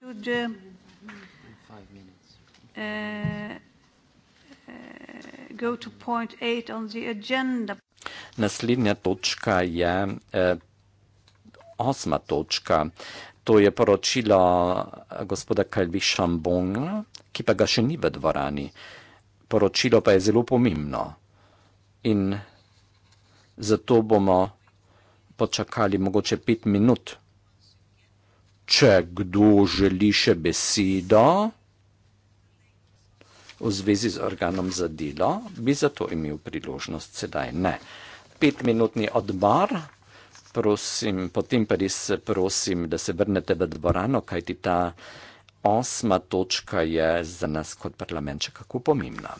Tudi, uh, eh, eh, Naslednja točka je uh, osma točka. To je poročilo gospoda Kalvi Šambonga, ki pa ga še ni v dvorani. Uh, poročilo pa je zelo pomembno. In zato bomo počakali mogoče pet minut. Če kdo želi še besedo v zvezi z organom za delo, bi zato imel priložnost sedaj. Ne. Petminutni odmor, prosim, potem pa res prosim, da se vrnete v dvorano, kajti ta osma točka je za nas kot parlament še kako pomembna.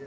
Yeah.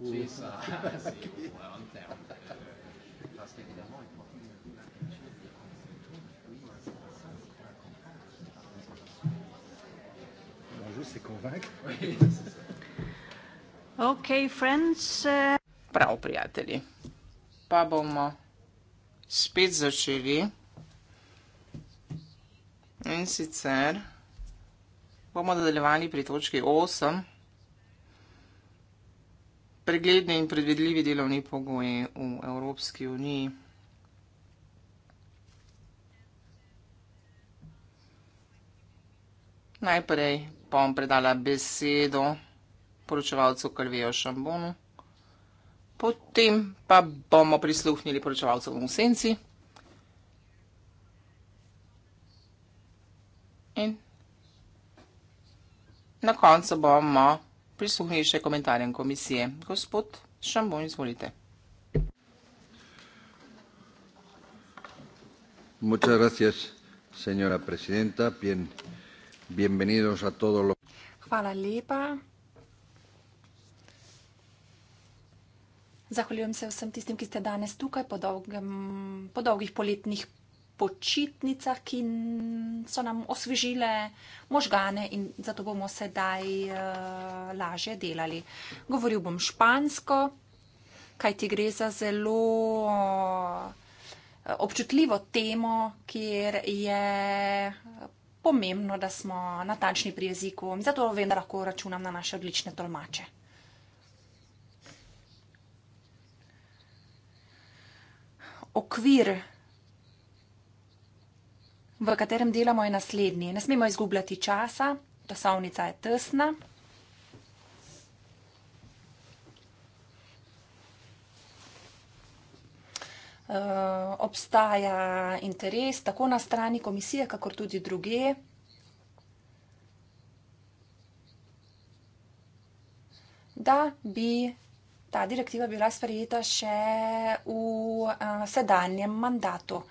pour. C'est ça, c'est en termes. Parce qu'évidemment, il faut. Ok, friends. Eh, Prav, prijatelji, pa bomo spet začeli in sicer bomo nadaljevali pri točki 8 pregledni in predvidljivi delovni pogoji v Evropski uniji. Najprej bom predala besedo poročevalcu Kalvijo Šambonu, potem pa bomo prisluhnili poročevalcu v Senci in na koncu bomo prisluhnili prisluhnili še komentarjem komisije. Gospod Šambon, izvolite. Muchas gracias, señora presidenta. Bien, bienvenidos a todos los. Hvala lepa. Zahvaljujem se vsem tistim, ki ste danes tukaj po, dolgem, po dolgih poletnih počitnicah, ki so nam osvežile možgane in zato bomo sedaj uh, lažje delali. Govoril bom špansko, kaj ti gre za zelo uh, občutljivo temo, kjer je pomembno, da smo natančni pri jeziku in zato vedno lahko računam na naše odlične tolmače. Okvir v katerem delamo, je naslednji. Ne smemo izgubljati časa, časovnica je tesna. Uh, obstaja interes tako na strani komisije, kakor tudi druge. Da bi ta direktiva bila sprejeta še v uh, sedanjem mandatu. Uh,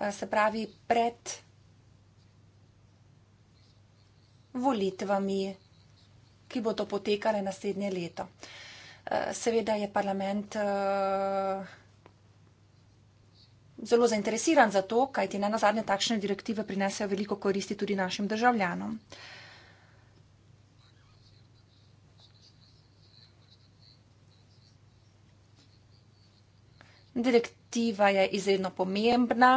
Eh, se pravi pred volitvami, ki bodo potekale naslednje leto. Eh, seveda je parlament eh, zelo zainteresiran za to, kajti ne nazadnje takšne direktive prinesejo veliko koristi tudi našim državljanom. Direktiva je izredno pomembna.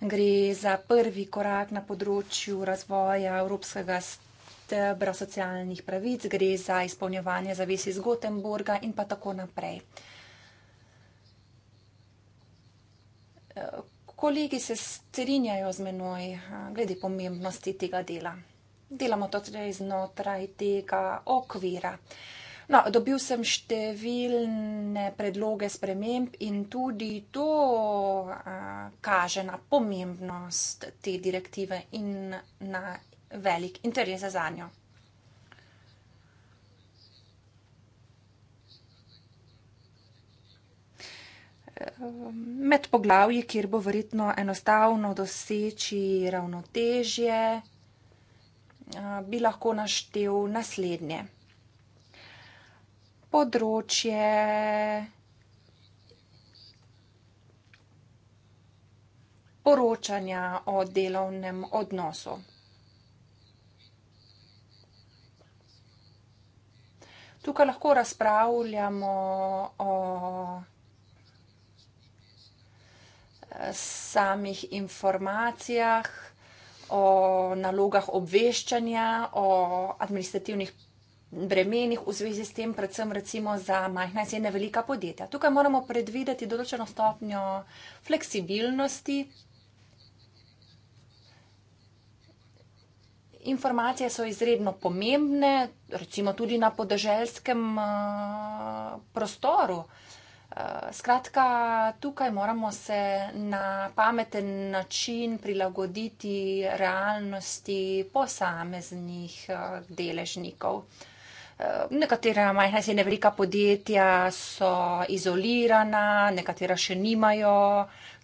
gre za prvi korak na področju razvoja evropskega stebra socialnih pravic, gre za izpolnjevanje zavez iz Gotemburga in pa tako naprej. Kolegi se strinjajo z menoj glede pomembnosti tega dela. Delamo to tudi znotraj tega okvira. No, dobil sem številne predloge sprememb in tudi to uh, kaže na pomembnost te direktive in na velik interes za njo. Med poglavji, kjer bo verjetno enostavno doseči ravnotežje, bi lahko naštel naslednje področje. Poročanja o delovnem odnosu. Tukaj lahko razpravljamo o samih informacijah, o nalogah obveščanja, o administrativnih bremenih v zvezi s tem, predvsem recimo za majhna in srednja velika podjetja. Tukaj moramo predvideti določeno stopnjo fleksibilnosti. Informacije so izredno pomembne, recimo tudi na podeželskem eh, prostoru. Eh, skratka, tukaj moramo se na pameten način prilagoditi realnosti posameznih eh, deležnikov. Eh, nekatera majhna in srednja velika podjetja so izolirana, nekatera še nimajo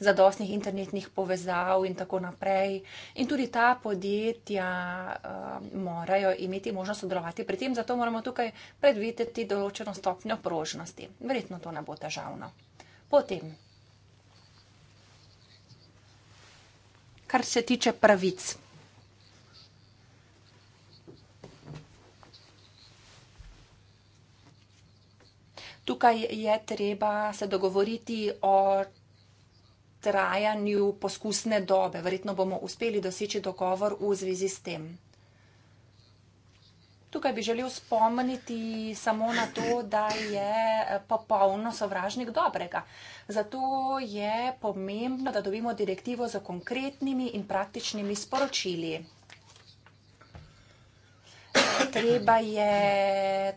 zadostnih internetnih povezav in tako naprej. In tudi ta podjetja uh, morajo imeti možnost sodelovati. Pri tem zato moramo tukaj predvideti določeno stopnjo prožnosti. Verjetno to ne bo težavno. Potem. Kar se tiče pravic. tukaj je treba se dogovoriti o trajanju poskusne dobe. Verjetno bomo uspeli doseči dogovor v zvezi s tem. Tukaj bi želel spomniti samo na to, da je popolno sovražnik dobrega. Zato je pomembno, da dobimo direktivo z konkretnimi in praktičnimi sporočili treba je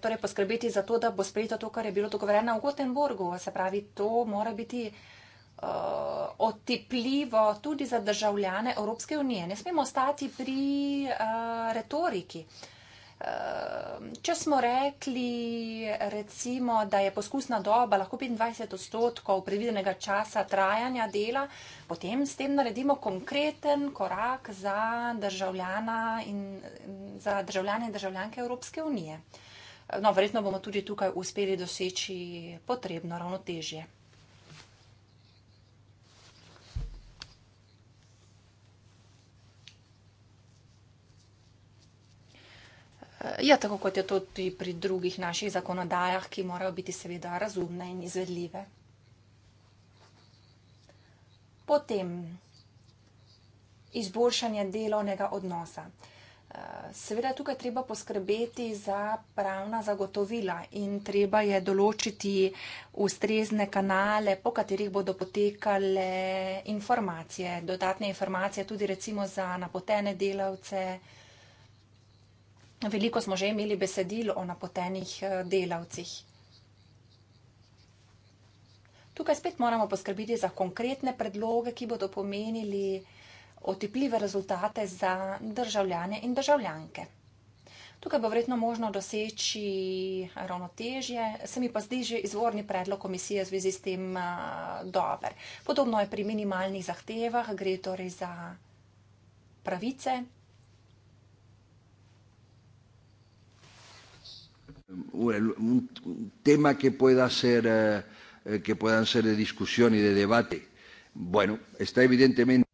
torej poskrbeti za to, da bo sprejeto to, kar je bilo dogovoreno v Gotenburgu. Se pravi, to mora biti uh, otepljivo tudi za državljane Evropske unije. Ne smemo ostati pri uh, retoriki. Uh, Ehm, če smo rekli, recimo, da je poskusna doba lahko 25 odstotkov previdenega časa trajanja dela, potem s tem naredimo konkreten korak za državljana in za državljane in državljanke Evropske unije. No, verjetno bomo tudi tukaj uspeli doseči potrebno ravnotežje. Eh, ja, tako kot je to tudi pri drugih naših zakonodajah, ki morajo biti seveda razumne in izvedljive. Potem izboljšanje delovnega odnosa. Eh, seveda je tukaj treba poskrbeti za pravna zagotovila in treba je določiti ustrezne kanale, po katerih bodo potekale informacije, dodatne informacije tudi recimo za napotene delavce, veliko smo že imeli besedil o napotenih eh, delavcih. Tukaj spet moramo poskrbiti za konkretne predloge, ki bodo pomenili otipljive rezultate za državljane in državljanke. Tukaj bo vredno možno doseči ravnotežje, se mi pa zdi že izvorni predlog komisije v zvezi s tem eh, dober. Podobno je pri minimalnih zahtevah, gre torej za pravice, un, un tema que pueda ser eh, eh, que puedan ser de discusión y de debate. Bueno, está evidentemente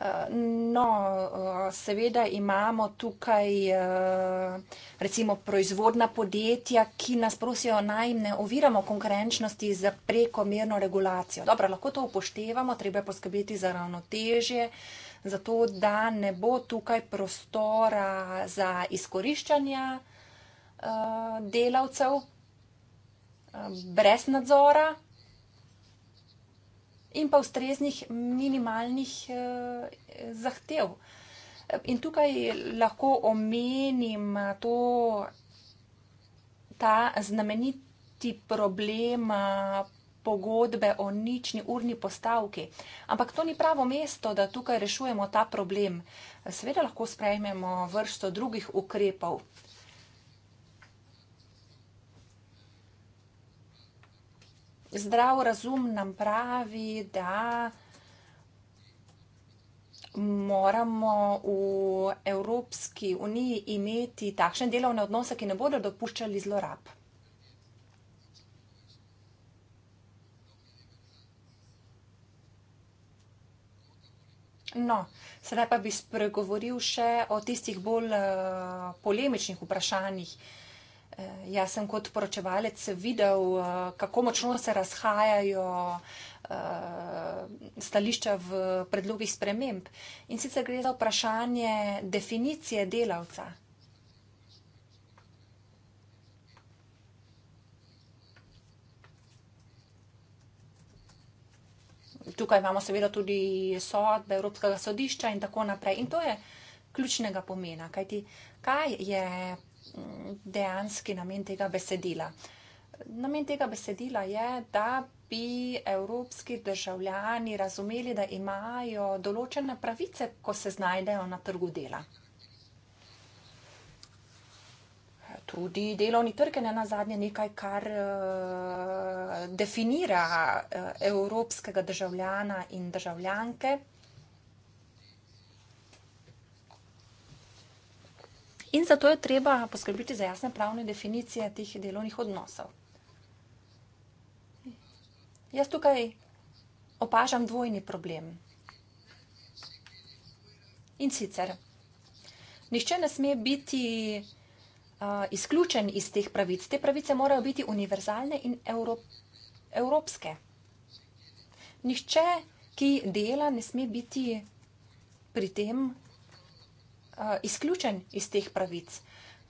eh, No, eh, seveda imamo tukaj recimo proizvodna podjetja, ki nas prosijo naj ne oviramo konkurenčnosti za prekomerno regulacijo. Dobro, lahko to upoštevamo, treba poskrbeti za ravnotežje zato da ne bo tukaj prostora za izkoriščanja eh, delavcev eh, brez nadzora in pa ustreznih minimalnih eh, zahtev. In tukaj lahko omenim to, ta znameniti problem pogodbe, o nični urni postavki. Ampak to ni pravo mesto, da tukaj rešujemo ta problem. Seveda lahko sprejmemo vrsto drugih ukrepov. Zdrav razum nam pravi, da moramo v Evropski uniji imeti takšne delovne odnose, ki ne bodo dopuščali zlorab. No, sedaj pa bi spregovoril še o tistih bolj uh, polemičnih vprašanjih. E, jaz sem kot poročevalec videl, uh, kako močno se razhajajo uh, stališča v predlogih sprememb. In sicer gre za vprašanje definicije delavca. tukaj imamo seveda tudi sodbe Evropskega sodišča in tako naprej. In to je ključnega pomena, kajti kaj je mm, dejanski namen tega besedila? Namen tega besedila je, da bi evropski državljani razumeli, da imajo določene pravice, ko se znajdejo na trgu dela. tudi delovni trg je ne na zadnje nekaj, kar uh, definira uh, evropskega državljana in državljanke. In zato je treba poskrbiti za jasne pravne definicije teh delovnih odnosov. Jaz tukaj opažam dvojni problem. In sicer, nihče ne sme biti izključen iz teh pravic. Te pravice morajo biti univerzalne in evropske. Nihče, ki dela, ne sme biti pri tem izključen iz teh pravic.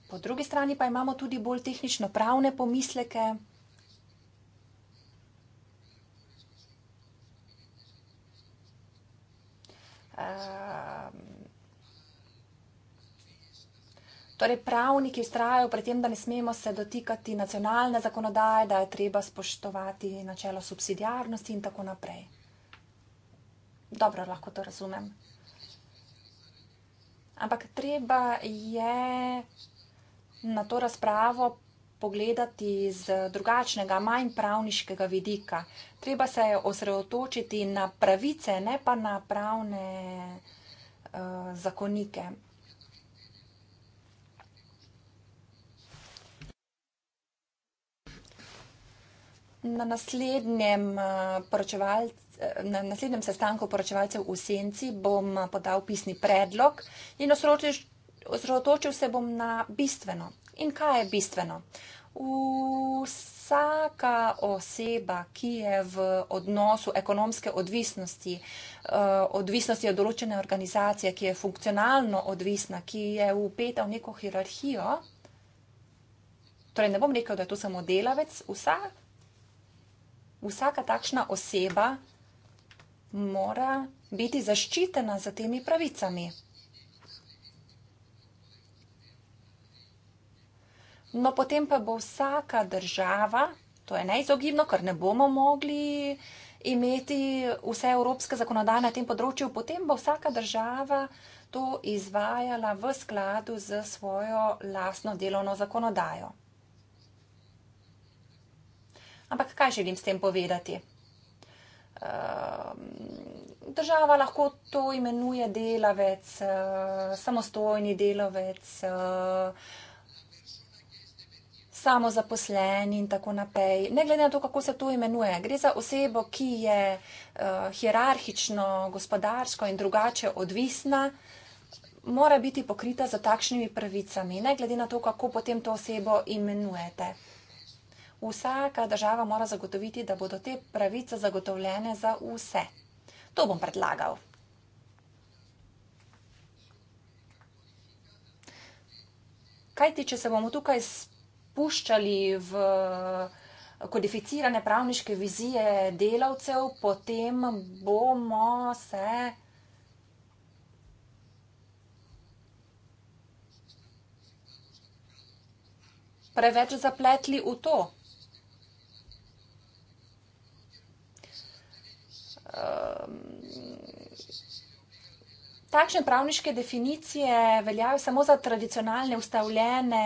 Po drugi strani pa imamo tudi bolj tehnično-pravne pomisleke. Um, Torej, pravniki ustrajajo pri tem, da ne smemo se dotikati nacionalne zakonodaje, da je treba spoštovati načelo subsidijarnosti in tako naprej. Dobro, lahko to razumem. Ampak treba je na to razpravo pogledati z drugačnega, manj pravniškega vidika. Treba se je osredotočiti na pravice, ne pa na pravne uh, zakonike. Na naslednjem, eh, eh, na naslednjem sestanku poročevalcev v Senci bom eh, podal pisni predlog in osredotočil se bom na bistveno. In kaj je bistveno? Vsaka oseba, ki je v odnosu ekonomske odvisnosti, odvisnosti od določene organizacije, ki je funkcionalno odvisna, ki je upeta v neko hierarhijo, torej ne bom rekel, da je to samo delavec, vsak vsaka takšna oseba mora biti zaščitena za temi pravicami. No, potem pa bo vsaka država, to je neizogibno, ker ne bomo mogli imeti vse evropske zakonodaje na tem področju, potem bo vsaka država to izvajala v skladu z svojo lastno delovno zakonodajo. Ampak kaj želim s tem povedati? Ehm, država lahko to imenuje delavec, eh, samostojni delavec, eh, samozaposleni in tako naprej. Ne glede na to, kako se to imenuje. Gre za osebo, ki je eh, hierarhično, gospodarsko in drugače odvisna, mora biti pokrita za takšnimi pravicami, ne glede na to, kako potem to osebo imenujete vsaka država mora zagotoviti, da bodo te pravice zagotovljene za vse. To bom predlagal. Kaj ti, če se bomo tukaj spuščali v eh, kodificirane pravniške vizije delavcev, potem bomo se. Preveč zapletli v to. Ehm, takšne pravniške definicije veljajo samo za tradicionalne, ustavljene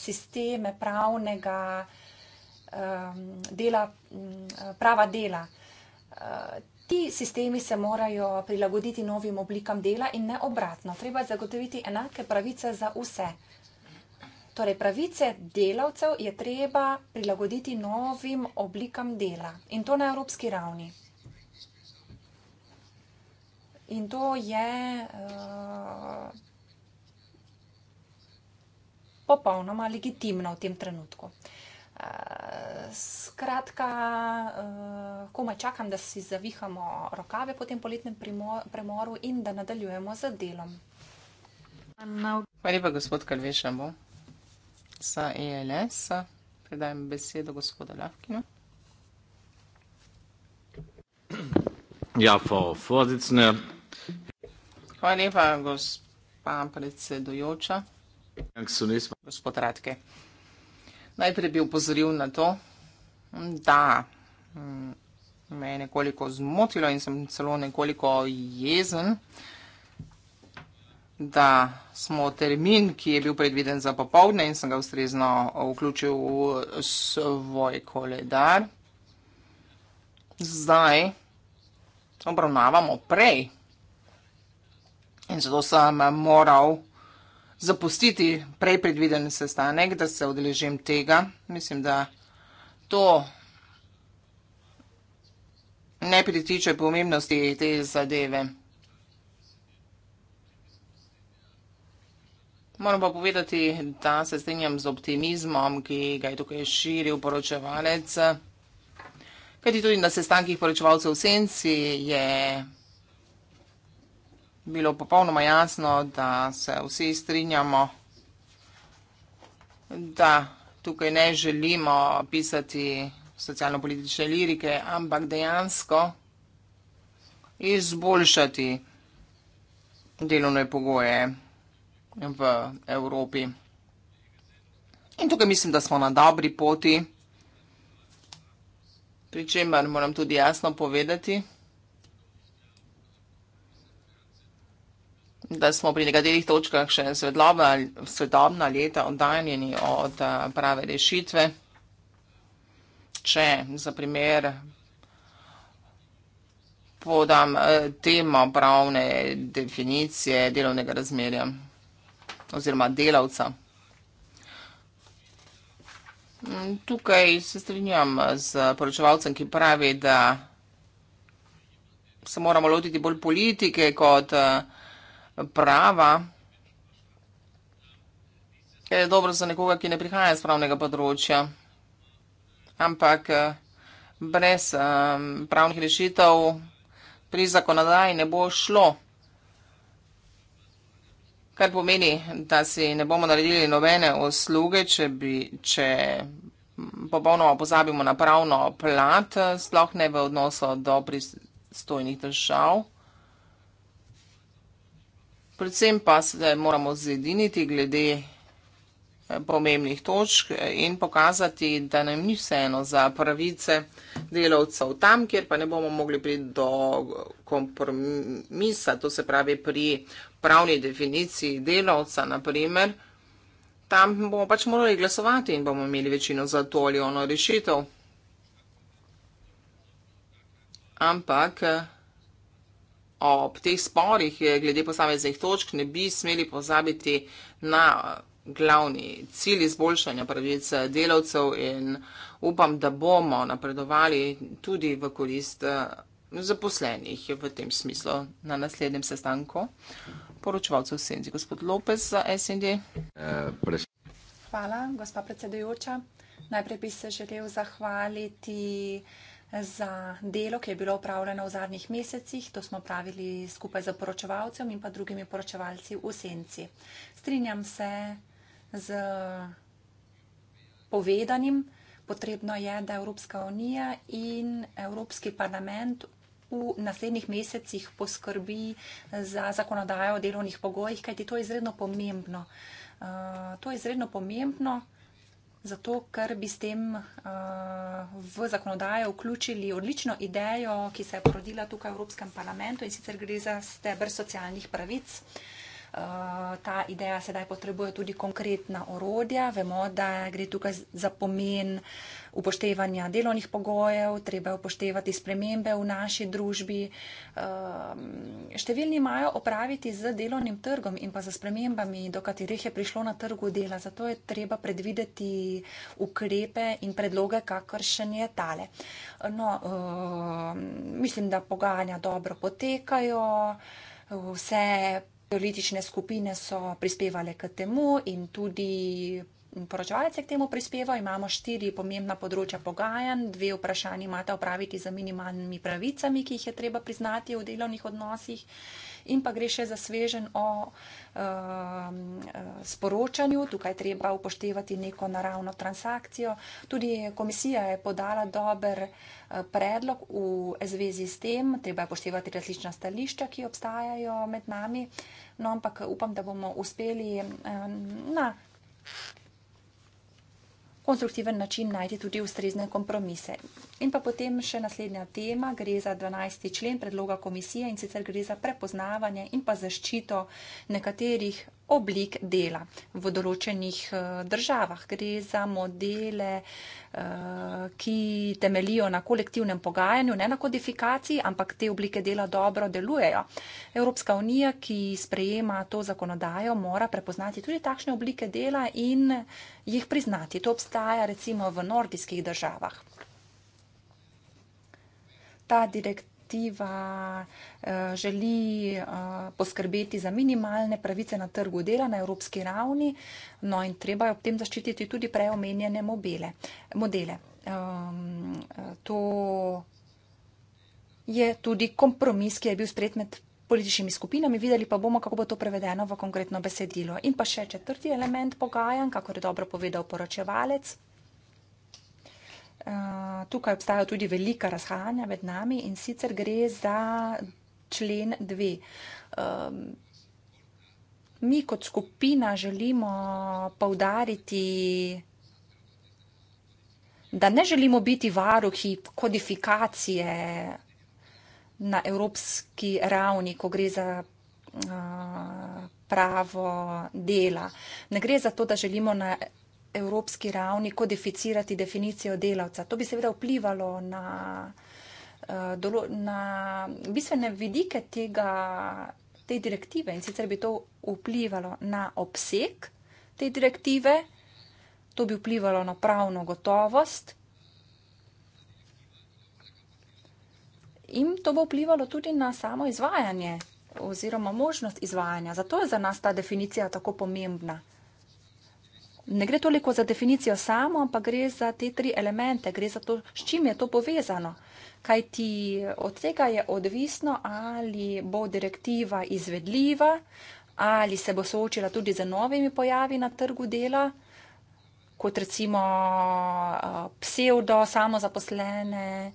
sisteme pravnega um, dela, um, prava dela. Uh, ti sistemi se morajo prilagoditi novim oblikam dela in ne obratno. Treba zagotoviti enake pravice za vse. Torej, pravice delavcev je treba prilagoditi novim oblikam dela in to na evropski ravni. In to je eh, popolnoma legitimno v tem trenutku. Eh, skratka, eh, komaj čakam, da si zavihamo rokave po tem poletnem premoru in da nadaljujemo z delom. Hvala lepa, gospod Kalvešamo, za ELS. Predajem besedo gospodu Lavkinu. Ja, Frau Vorsitzende, Hvala lepa, gospa predsedujoča. Gospod Radke. Najprej bi upozoril na to, da mm, me je nekoliko zmotilo in sem celo nekoliko jezen, da smo termin, ki je bil predviden za popovdne in sem ga ustrezno vključil v svoj koledar, zdaj obravnavamo prej. In zato sem moral zapustiti prej predviden sestanek, da se odeležim tega. Mislim, da to ne pritiče pomembnosti te zadeve. Moram pa povedati, da se strinjam z optimizmom, ki ga je tukaj širil poročevalec. Kajti tudi na sestankih poročevalcev v Senci je bilo popolnoma jasno, da se vsi strinjamo, da tukaj ne želimo pisati socialno-politične lirike, ampak dejansko izboljšati delovne pogoje v Evropi. In tukaj mislim, da smo na dobri poti, pri čemer moram tudi jasno povedati, da je to, da smo pri nekaterih točkah še svetlobe, svetobna leta oddaljeni od eh, prave rešitve. Če za primer podam eh, temo pravne definicije delovnega razmerja oziroma delavca. Mm, tukaj se strinjam z poročevalcem, ki pravi, da se moramo lotiti bolj politike kot uh, prava. Je dobro za nekoga, ki ne prihaja iz pravnega področja, ampak eh, brez eh, pravnih rešitev pri zakonodaji ne bo šlo. Kar pomeni, da si ne bomo naredili nobene usluge, če, bi, če popolnoma pozabimo na pravno plat, eh, sploh ne v odnosu do pristojnih držav. Predvsem pa se moramo zediniti glede eh, pomembnih točk in pokazati, da nam ni vseeno za pravice delavcev tam, kjer pa ne bomo mogli priti do kompromisa, to se pravi pri pravni definiciji delavca, naprimer, tam bomo pač morali glasovati in bomo imeli večino za to ali ono rešitev. Ampak eh, ob teh sporih eh, glede posameznih točk ne bi smeli pozabiti na eh, glavni cilj izboljšanja pravic eh, delavcev in upam, da bomo napredovali tudi v korist zaposlenih v tem smislu na naslednjem sestanku poročevalcev SND, gospod Lopez za SND. Hvala, gospa predsedujoča. Najprej bi se želel zahvaliti za delo, ki je bilo upravljeno v zadnjih mesecih. To smo pravili skupaj z poročevalcem in pa drugimi poročevalci v senci. Strinjam se z povedanim, potrebno je, da Evropska unija in Evropski parlament v naslednjih mesecih poskrbi za zakonodajo o delovnih pogojih, kajti to je izredno pomembno. Uh, to je izredno pomembno, uh, zato ker bi s tem uh, v zakonodajo vključili odlično idejo, ki se je porodila tukaj v Evropskem parlamentu in sicer gre za steber socialnih pravic. Uh, Eh, ta ideja sedaj potrebuje tudi konkretna orodja. Vemo, da gre tukaj za pomen upoštevanja delovnih pogojev, treba upoštevati spremembe v naši družbi. Ehm, številni imajo opraviti z delovnim trgom in pa z spremembami, do katerih je prišlo na trgu dela. Zato je treba predvideti ukrepe in predloge, kakršen je tale. No, ehm, mislim, da pogajanja dobro potekajo, vse Politične skupine so prispevale k temu in tudi poročevalce k temu prispevajo. Imamo štiri pomembna področja pogajanj, dve vprašanji imata opraviti z minimalnimi pravicami, ki jih je treba priznati v delovnih odnosih in pa gre še za svežen o um, sporočanju. Tukaj treba upoštevati neko naravno transakcijo. Tudi komisija je podala dober eh, predlog v eh, zvezi s tem. Treba je upoštevati različna stališča, ki obstajajo med nami. No, ampak upam, da bomo uspeli um, na konstruktiven način najti tudi ustrezne kompromise. In pa potem še naslednja tema, gre za 12. člen predloga komisije in sicer gre za prepoznavanje in pa zaščito nekaterih oblik dela v določenih eh, državah. Gre za modele, eh, ki temelijo na kolektivnem pogajanju, ne na kodifikaciji, ampak te oblike dela dobro delujejo. Evropska unija, ki sprejema to zakonodajo, mora prepoznati tudi takšne oblike dela in jih priznati. To obstaja recimo v nordijskih državah. Ta direkt iniciativa eh, želi eh, poskrbeti za minimalne pravice na trgu dela na evropski ravni, no in treba je ob tem zaščititi tudi preomenjene mobile, modele. Ehm, to je tudi kompromis, ki je bil spred med političnimi skupinami, videli pa bomo, kako bo to prevedeno v konkretno besedilo. In pa še četrti element pogajanj, kako je dobro povedal poročevalec. Eh, tukaj obstajajo tudi velika razhajanja med nami in sicer gre za člen 2. Um, mi kot skupina želimo povdariti, da ne želimo biti varuhi kodifikacije na evropski ravni, ko gre za. Uh, pravo dela. Ne gre za to, da želimo na evropski ravni kodificirati definicijo delavca. To bi seveda vplivalo na, eh, na bistvene vidike tega, te direktive in sicer bi to vplivalo na obseg te direktive, to bi vplivalo na pravno gotovost. In to bo vplivalo tudi na samo izvajanje oziroma možnost izvajanja. Zato je za nas ta definicija tako pomembna ne gre toliko za definicijo samo, ampak gre za te tri elemente, gre za to, s čim je to povezano. Kaj ti od tega je odvisno, ali bo direktiva izvedljiva, ali se bo soočila tudi z novimi pojavi na trgu dela, kot recimo psevdo, samozaposlene,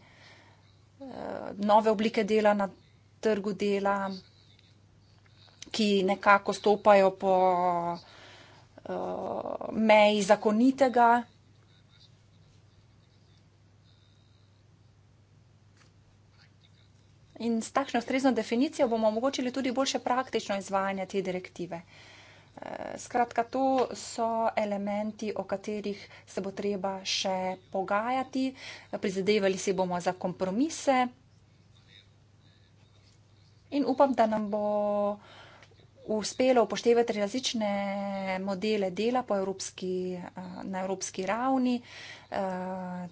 nove oblike dela na trgu dela, ki nekako stopajo po uh, meji zakonitega. In s takšno ustrezno definicijo bomo omogočili tudi boljše praktično izvajanje te direktive. Uh, skratka, to so elementi, o katerih se bo treba še pogajati. Prizadevali si bomo za kompromise in upam, da nam bo uh, uspelo upoštevati različne modele dela evropski, eh, na evropski ravni. Eh,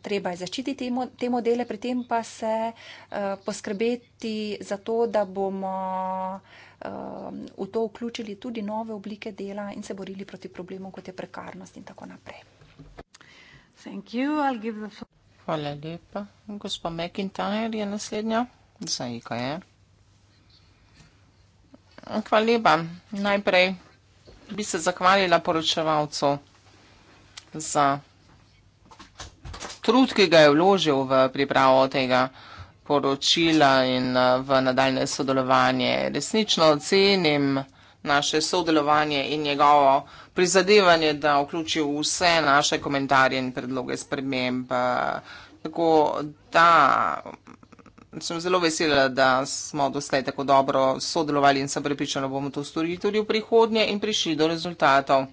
treba je zaščititi te modele, pri tem pa se eh, poskrbeti za to, da bomo v to vključili tudi nove oblike dela in se borili proti problemom, kot je prekarnost in tako naprej. Hvala lepa. Gospa McIntyre je naslednja. Zajka je. Eh? Hvala lepa. Najprej bi se zahvalila poročevalcu za trud, ki ga je vložil v pripravo tega poročila in eh, v nadaljne sodelovanje. Resnično ocenim naše sodelovanje in njegovo prizadevanje, da vključi vse naše komentarje in predloge sprememb. Eh, tako da sem zelo vesela, da smo doslej tako dobro sodelovali in sem prepričana, bomo to storili tudi v prihodnje in prišli do rezultatov.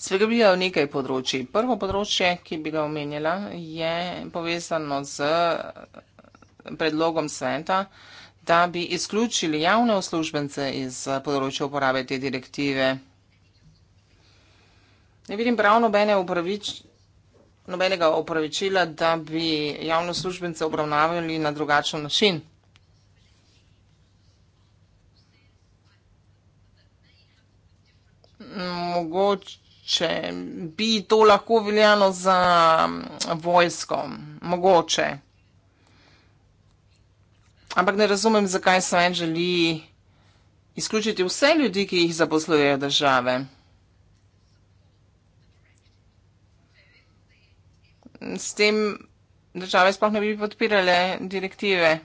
Svegabila v nekaj področji. Prvo področje, ki bi ga omenjala, je povezano z eh, predlogom sveta, da bi izključili javne uslužbence iz eh, področja uporabe te direktive. Ne vidim pravno bene upravičenja nobenega opravičila, da bi javno službence obravnavali na drugačen način. Mogoče bi to lahko veljalo za mm, vojsko, mogoče. Ampak ne razumem, zakaj Sven želi izključiti vse ljudi, ki jih zaposlujejo države. s tem države sploh ne bi podpirale direktive.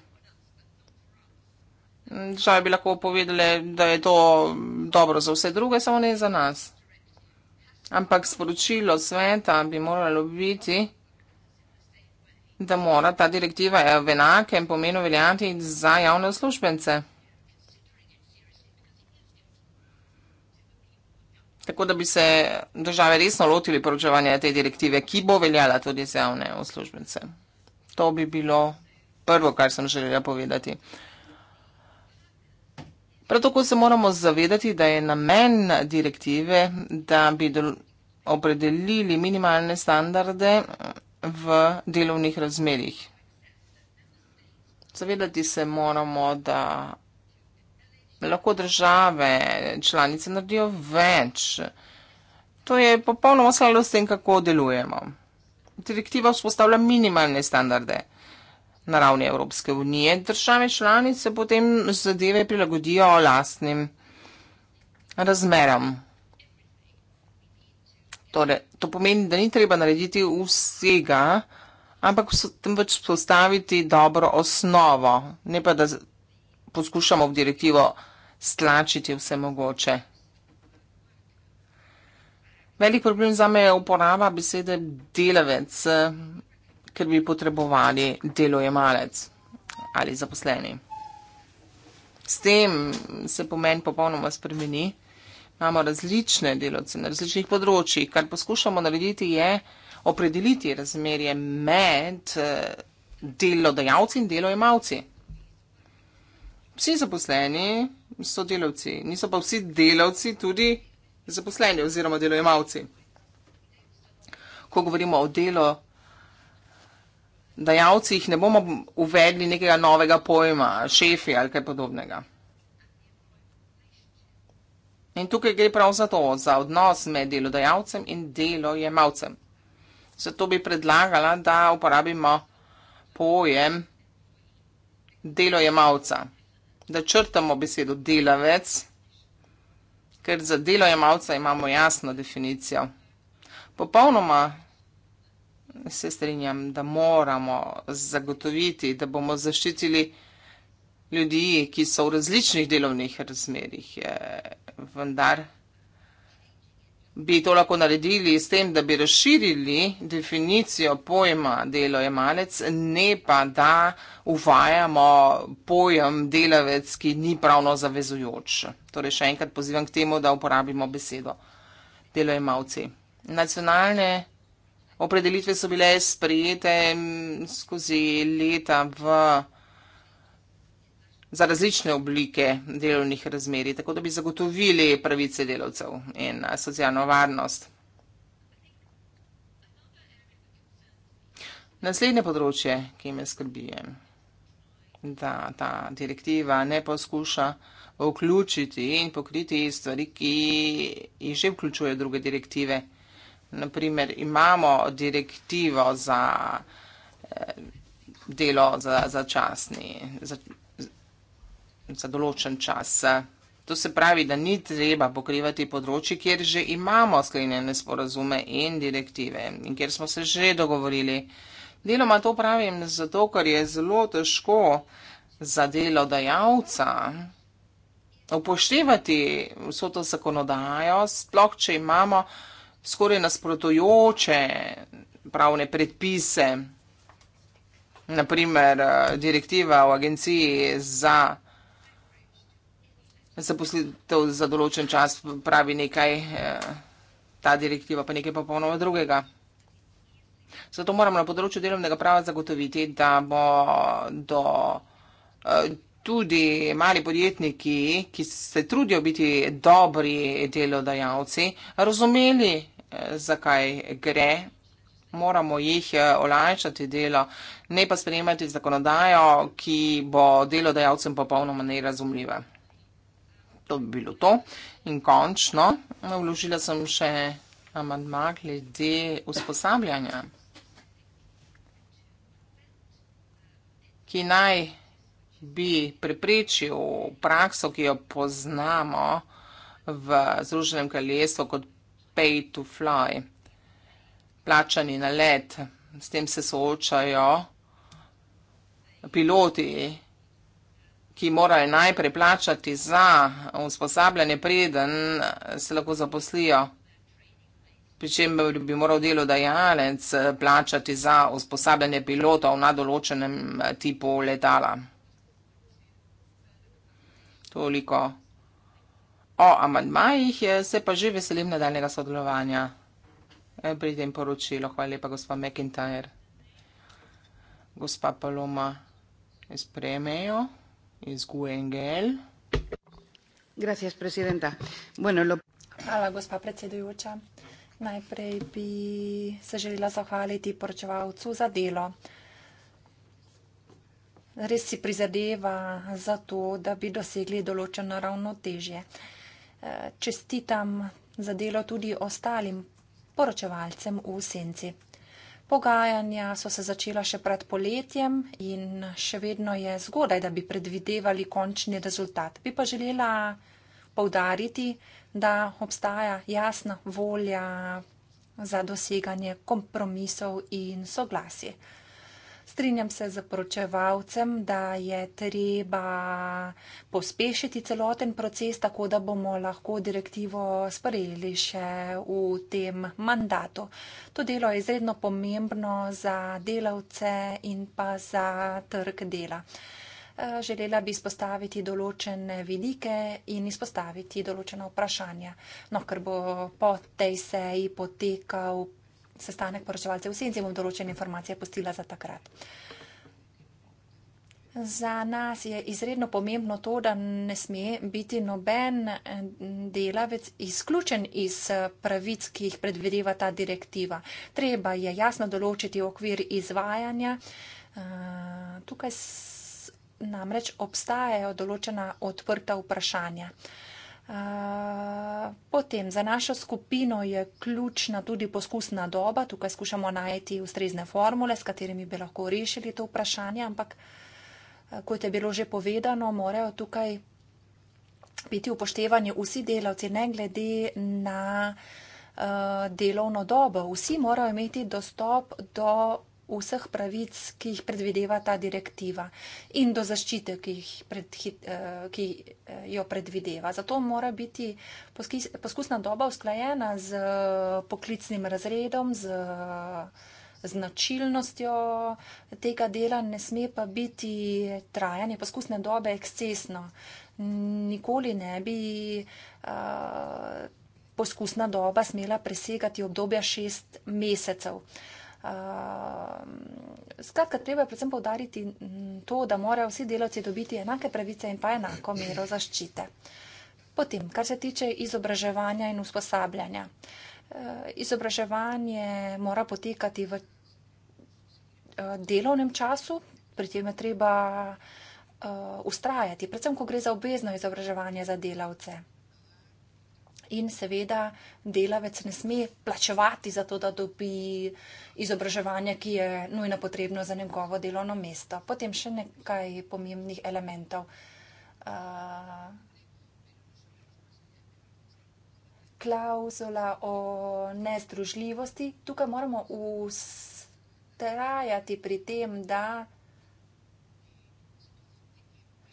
Države bi lahko povedale, da je to dobro za vse druge, samo ne za nas. Ampak sporočilo sveta bi moralo biti, da mora ta direktiva v enakem pomenu veljati za javne uslužbence. Tako da bi se države resno lotili poročevanja te direktive, ki bo veljala tudi za javne uslužbence. To bi bilo prvo, kar sem želela povedati. Prav tako se moramo zavedati, da je namen direktive, da bi opredelili minimalne standarde v delovnih razmerjih. Zavedati se moramo, da lahko države članice naredijo več. To je popolnoma skladno s tem, kako delujemo. Direktiva vzpostavlja minimalne standarde na ravni Evropske unije. Države članice potem zadeve prilagodijo lastnim razmeram. Torej, to pomeni, da ni treba narediti vsega, ampak temveč vzpostaviti dobro osnovo, ne pa da poskušamo v direktivo stlačiti vse mogoče. Velik problem za me je uporaba besede delavec, ker bi potrebovali delojemalec ali zaposleni. S tem se pomen popolnoma spremeni. Imamo različne delovce na različnih področjih. Kar poskušamo narediti je opredeliti razmerje med eh, delodajalci in delojemalci vsi zaposleni so delavci, niso pa vsi delavci tudi zaposleni oziroma delojemalci. Ko govorimo o delo, dajavcih ne bomo uvedli nekega novega pojma, šefi ali kaj podobnega. In tukaj gre prav za to, za odnos med delodajalcem in delojemalcem. Zato bi predlagala, da uporabimo pojem delojemalca da črtamo besedo delavec, ker za delojemalca imamo jasno definicijo. Popolnoma se strinjam, da moramo zagotoviti, da bomo zaščitili ljudi, ki so v različnih delovnih razmerih, vendar bi to lahko naredili s tem, da bi razširili definicijo pojma delojemalec, ne pa da uvajamo pojem delavec, ki ni pravno zavezujoč. Torej še enkrat pozivam k temu, da uporabimo besedo delojemalci. Nacionalne opredelitve so bile sprejete skozi leta v za različne oblike delovnih razmeri, tako da bi zagotovili pravice delavcev in socialno varnost. Naslednje področje, ki me skrbi, je, da ta direktiva ne poskuša vključiti in pokriti stvari, ki jih že vključuje druge direktive. Naprimer, imamo direktivo za eh, delo za začasni, za za določen čas. To se pravi, da ni treba pokrivati področji, kjer že imamo sklenjene sporazume in direktive in kjer smo se že dogovorili. Deloma to pravim zato, ker je zelo težko za delodajalca upoštevati vso to zakonodajo, sploh če imamo skoraj nasprotujoče pravne predpise, naprimer eh, direktiva v agenciji za zaposlitev za določen čas pravi nekaj, eh, ta direktiva pa nekaj popolnoma drugega. Zato moramo na področju delovnega prava zagotoviti, da bo do eh, tudi mali podjetniki, ki se trudijo biti dobri delodajalci, razumeli, eh, zakaj gre. Moramo jih olajšati delo, ne pa sprejemati zakonodajo, ki bo delodajalcem popolnoma nerazumljiva to bi bilo to. In končno, vložila sem še amandma glede usposabljanja, ki naj bi preprečil prakso, ki jo poznamo v Združenem kraljestvu kot pay to fly, plačani na let. S tem se soočajo piloti ki morajo najprej plačati za usposabljanje, preden se lahko zaposlijo, pri čem bi moral delodajalec eh, plačati za usposabljanje pilotov na določenem eh, tipu letala. Toliko o amadmajih, eh, se pa že veselim nadaljnega sodelovanja pri tem poročilo. Hvala lepa, gospa McIntyre. Gospa Paloma, izpremejo. Hvala, gospa predsedujoča. Najprej bi se želela zahvaliti poročevalcu za delo. Res si prizadeva za to, da bi dosegli določeno ravnotežje. Eh, čestitam za delo tudi ostalim poročevalcem v senci. Pogajanja so se začela še pred poletjem in še vedno je zgodaj, da bi predvidevali končni rezultat. Bi pa želela povdariti, da obstaja jasna volja za doseganje kompromisov in soglasje. Strinjam se z poročevalcem, da je treba pospešiti celoten proces, tako da bomo lahko direktivo sprejeli še v tem mandatu. To delo je izredno pomembno za delavce in pa za trg dela. Eh, želela bi izpostaviti določene vidike in izpostaviti določena vprašanja. No, ker bo po tej seji potekal sestanek poročevalcev v senci, bom določene informacije postila za takrat. Za nas je izredno pomembno to, da ne sme biti noben eh, delavec izključen iz eh, pravic, ki jih predvedeva ta direktiva. Treba je jasno določiti okvir izvajanja. Eh, tukaj namreč obstajajo določena odprta vprašanja. Potem za našo skupino je ključna tudi poskusna doba. Tukaj skušamo najti ustrezne formule, s katerimi bi lahko rešili to vprašanje, ampak kot je bilo že povedano, morajo tukaj biti upoštevani vsi delavci, ne glede na uh, delovno dobo. Vsi morajo imeti dostop do vseh pravic, ki jih predvideva ta direktiva in do zaščite, ki, jih pred, eh, ki eh, jo predvideva. Zato mora biti poskusna doba usklajena z poklicnim razredom, z značilnostjo tega dela, ne sme pa biti trajanje poskusne dobe ekscesno. Nikoli ne bi eh, poskusna doba smela presegati obdobja šest mesecev. Ehm, skratka, treba je predvsem povdariti mm, to, da morajo vsi delavci dobiti enake pravice in pa enako mero zaščite. Potem, kar se tiče izobraževanja in usposabljanja. Ehm, izobraževanje mora potekati v eh, delovnem času, pri tem je treba ustrajati, eh, predvsem, ko gre za obvezno izobraževanje za delavce. In seveda delavec ne sme plačevati za to, da dobi izobraževanje, ki je nujno potrebno za njegovo delovno mesto. Potem še nekaj pomembnih elementov. Uh, eh, klauzula o nezdružljivosti. Tukaj moramo ustrajati pri tem, da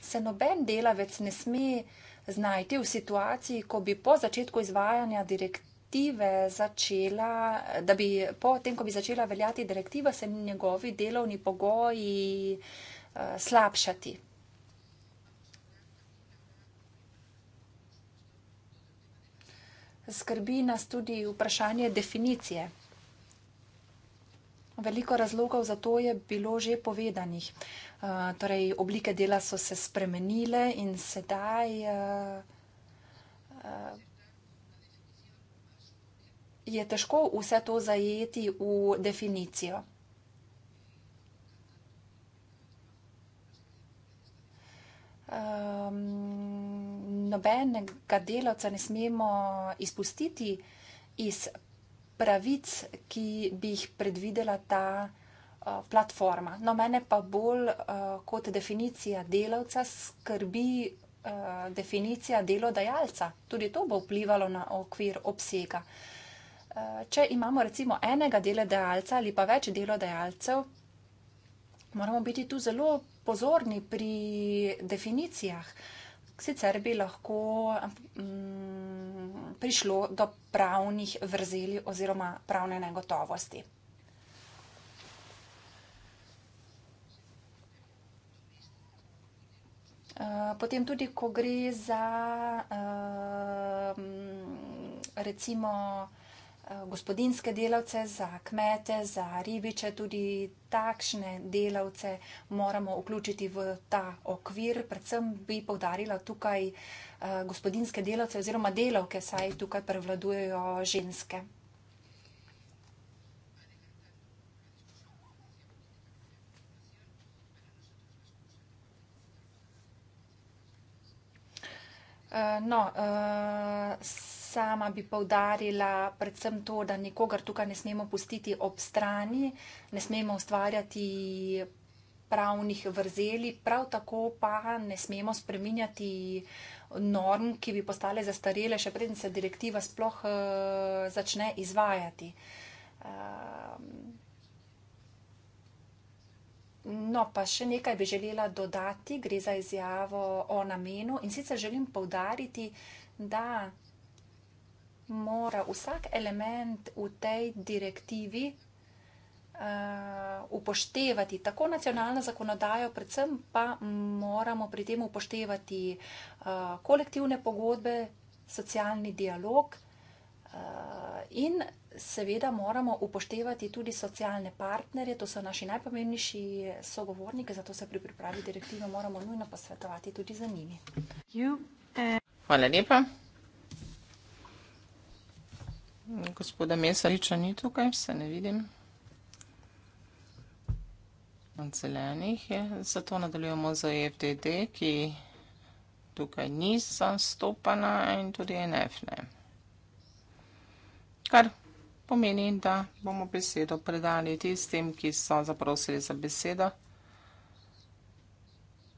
se noben delavec ne sme znajti v situaciji, ko bi po začetku izvajanja direktive začela, da bi po tem, ko bi začela veljati direktiva, se njegovi delovni pogoji eh, slabšati. Skrbi nas tudi vprašanje definicije. Veliko razlogov za to je bilo že povedanih. Uh, torej, oblike dela so se spremenile in sedaj uh, uh, je težko vse to zajeti v definicijo. Um, nobenega delavca ne smemo izpustiti iz pravic, ki bi jih predvidela ta uh, platforma. No, mene pa bolj uh, kot definicija delavca skrbi uh, definicija delodajalca. Tudi to bo vplivalo na okvir obsega. Uh, če imamo recimo enega delodajalca ali pa več delodajalcev, moramo biti tu zelo pozorni pri definicijah. Uh, sicer bi lahko mm, prišlo do pravnih vrzeli oziroma pravne negotovosti. Eh, potem tudi, ko gre za eh, mm, recimo Eh, gospodinske delavce, za kmete, za ribiče, tudi takšne delavce moramo vključiti v ta okvir. Predvsem bi povdarila tukaj eh, gospodinske delavce oziroma delavke, saj tukaj prevladujejo ženske. Eh, no, uh, sama bi povdarila predvsem to, da nikogar tukaj ne smemo pustiti ob strani, ne smemo ustvarjati pravnih vrzeli, prav tako pa ne smemo spreminjati norm, ki bi postale zastarele, še preden se direktiva sploh uh, začne izvajati. Um, No, pa še nekaj bi želela dodati, gre za izjavo o namenu in sicer želim povdariti, da mora vsak element v tej direktivi uh, upoštevati, tako nacionalno zakonodajo, predvsem pa moramo pri tem upoštevati uh, kolektivne pogodbe, socialni dialog uh, in seveda moramo upoštevati tudi socialne partnerje, to so naši najpomembnejši sogovorniki, zato se pri pripravi direktive moramo nujno posvetovati tudi za njimi. Hvala lepa. Gospoda Mesariča ni tukaj, se ne vidim. Od zelenih je. Zato nadaljujemo za e FDD, ki tukaj ni zastopana in tudi e NF ne. Kar pomeni, da bomo besedo predali tistim, ki so zaprosili za besedo.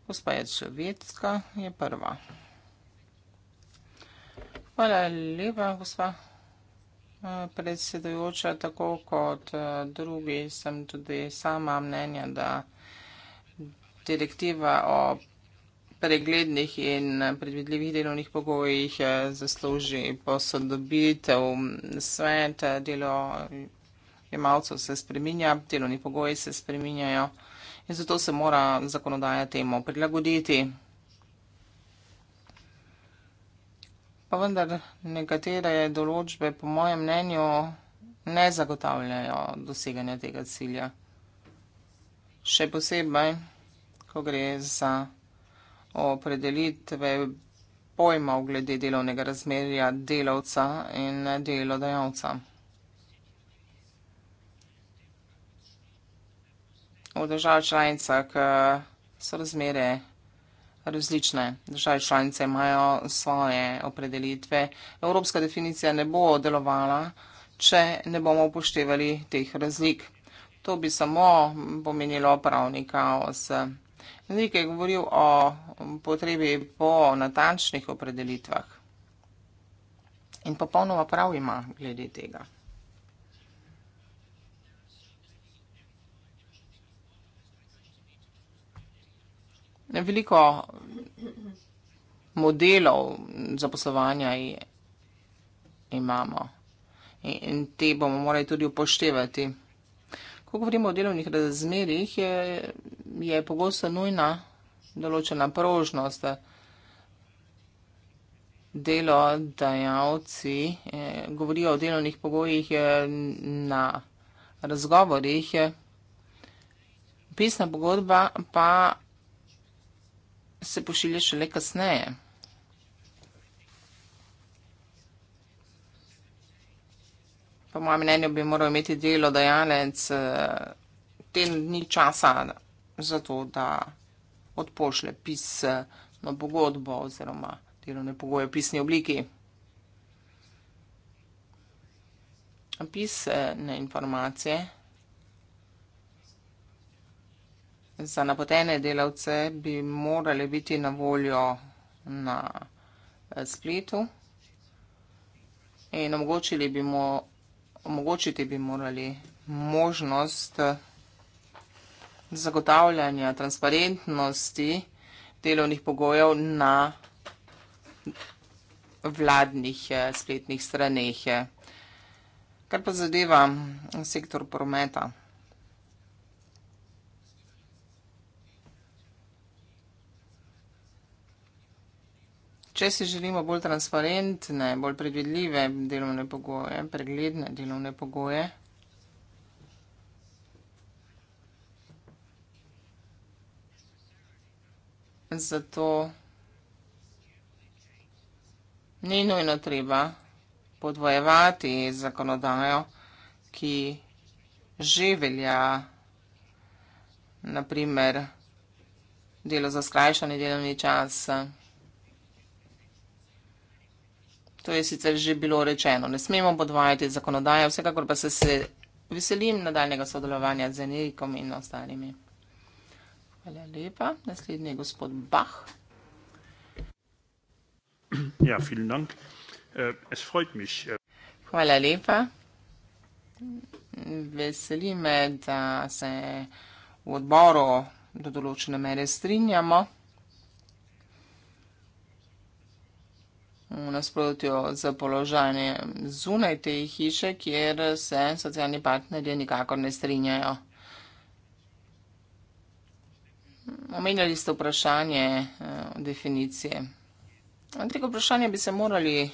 Gospa Jadžovetska je prva. Hvala lepa, gospa predsedujoča, tako kot eh, drugi, sem tudi sama mnenja, da direktiva o preglednih in predvidljivih delovnih pogojih eh, zasluži posodobitev svet, eh, delo imalcev se spreminja, delovni pogoji se spreminjajo in zato se mora zakonodaja temu prilagoditi. pa vendar nekatere določbe, po mojem mnenju, ne zagotavljajo doseganja tega cilja. Še posebej, ko gre za opredelitve pojmov glede delovnega razmerja delavca in delodajalca. V državah članicah eh, so razmere različne. Države članice imajo svoje opredelitve. Evropska definicija ne bo delovala, če ne bomo upoštevali teh razlik. To bi samo pomenilo pravni kaos. Enrique je govoril o potrebi po natančnih opredelitvah. In popolnoma prav ima glede tega. veliko modelov zaposlovanja imamo in, in te bomo morali tudi upoštevati. Ko govorimo o delovnih razmerjih, je, je pogosto nujna določena prožnost. Delo dajalci eh, govorijo o delovnih pogojih eh, na razgovorih, eh, pisna pogodba pa se pošilja šele kasneje. Po mojem mnenju bi moral imeti delo dajalec eh, ten dni časa za to, da odpošle pisno pogodbo oziroma delovne pogoje v pisni obliki. Pisne informacije Za napotene delavce bi morali biti na voljo na eh, spletu in omogočili bi mo, omogočiti bi morali možnost eh, zagotavljanja transparentnosti delovnih pogojev na vladnih eh, spletnih straneh. Kar pa zadeva sektor prometa. Če si želimo bolj transparentne, bolj predvidljive delovne pogoje, pregledne delovne pogoje, zato ni nujno treba podvojevati zakonodajo, ki že velja naprimer delo za skrajšanje delovni čas, ki je vse. To je sicer že bilo rečeno. Ne smemo podvajati zakonodaje, vsekakor pa se, se veselim nadaljnega sodelovanja z Enrikom in ostalimi. Hvala lepa. Naslednji je gospod Bach. Ja, vielen Dank. Äh, es freut mich. Äh, Hvala lepa. Veseli me, da se v odboru do določene mere strinjamo. v nasprotju z položajem zunaj te hiše, kjer se socialni partnerji nikakor ne strinjajo. Omenjali ste vprašanje eh, definicije. Tega vprašanja bi se morali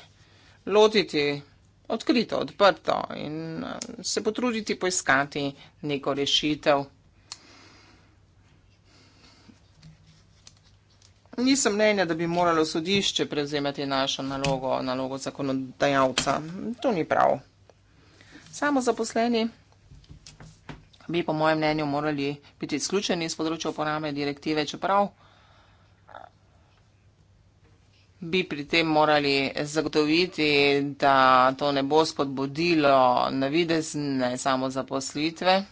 lotiti odkrito, odprto in eh, se potruditi poiskati neko rešitev. Nisem mnenja, da bi moralo sodišče prevzemati našo nalogo, nalogo zakonodajalca. To ni prav. Samo zaposleni bi po mojem mnenju morali biti izključeni iz področja uporame direktive, čeprav bi pri tem morali zagotoviti, da to ne bo spodbudilo navidezne samozaposlitve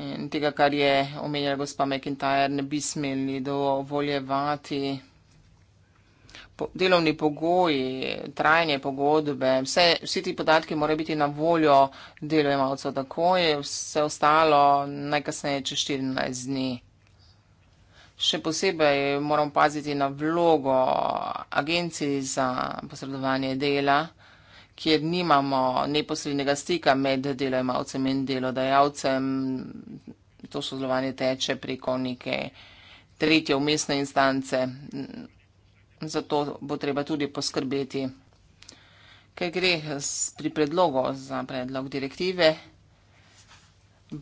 in tega, kar je omenjala gospa McIntyre, ne bi smeli dovoljevati. Delovni pogoji, trajanje pogodbe, vse, vsi ti podatki morajo biti na voljo delojemalca, tako je vse ostalo najkasneje čez 14 dni. Še posebej moramo paziti na vlogo agencij za posredovanje dela kjer nimamo neposrednega stika med delojemalcem in delodajalcem. To sodelovanje teče preko neke tretje umestne instance. Zato bo treba tudi poskrbeti, kaj gre pri predlogu za predlog direktive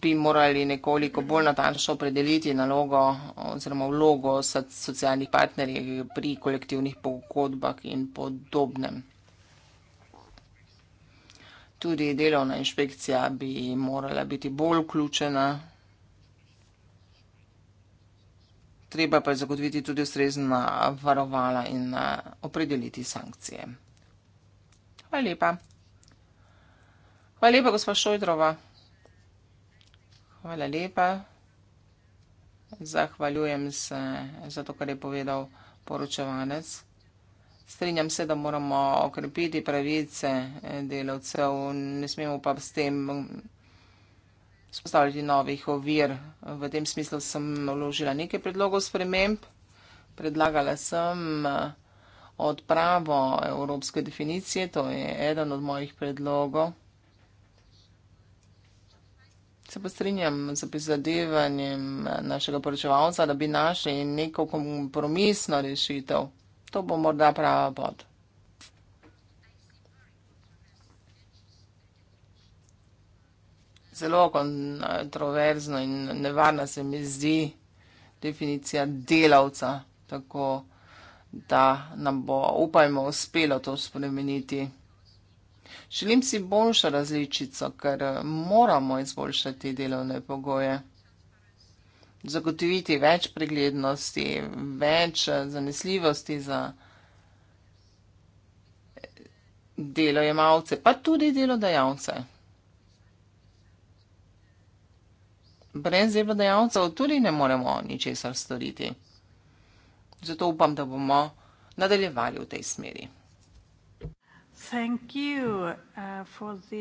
bi morali nekoliko bolj natančno opredeliti nalogo oziroma vlogo socialnih partnerjev pri kolektivnih pogodbah in podobnem. Tudi delovna inšpekcija bi morala biti bolj vključena. Treba pa je zagotoviti tudi ustrezna varovala in eh, opredeliti sankcije. Hvala lepa. Hvala lepa, gospod Šojdrova. Hvala lepa. Zahvaljujem se za to, kar je povedal poročevanec. Strinjam se, da moramo okrepiti pravice eh, delavcev, ne smemo pa s tem spostavljati novih ovir. V tem smislu sem vložila nekaj predlogov sprememb. Predlagala sem eh, odpravo evropske definicije, to je eden od mojih predlogov. Se pa strinjam z prizadevanjem eh, našega poročevalca, da bi našli neko kompromisno rešitev. To bo morda prava pot. Zelo kontroverzno in nevarna se mi zdi definicija delavca, tako da nam bo, upajmo, uspelo to spremeniti. Želim si boljšo različico, ker moramo izboljšati delovne pogoje zagotoviti več preglednosti, več eh, zanesljivosti za delojemalce, pa tudi delodajalce. Brez delodajalcev tudi ne moremo ničesar storiti. Zato upam, da bomo nadaljevali v tej smeri. Uh,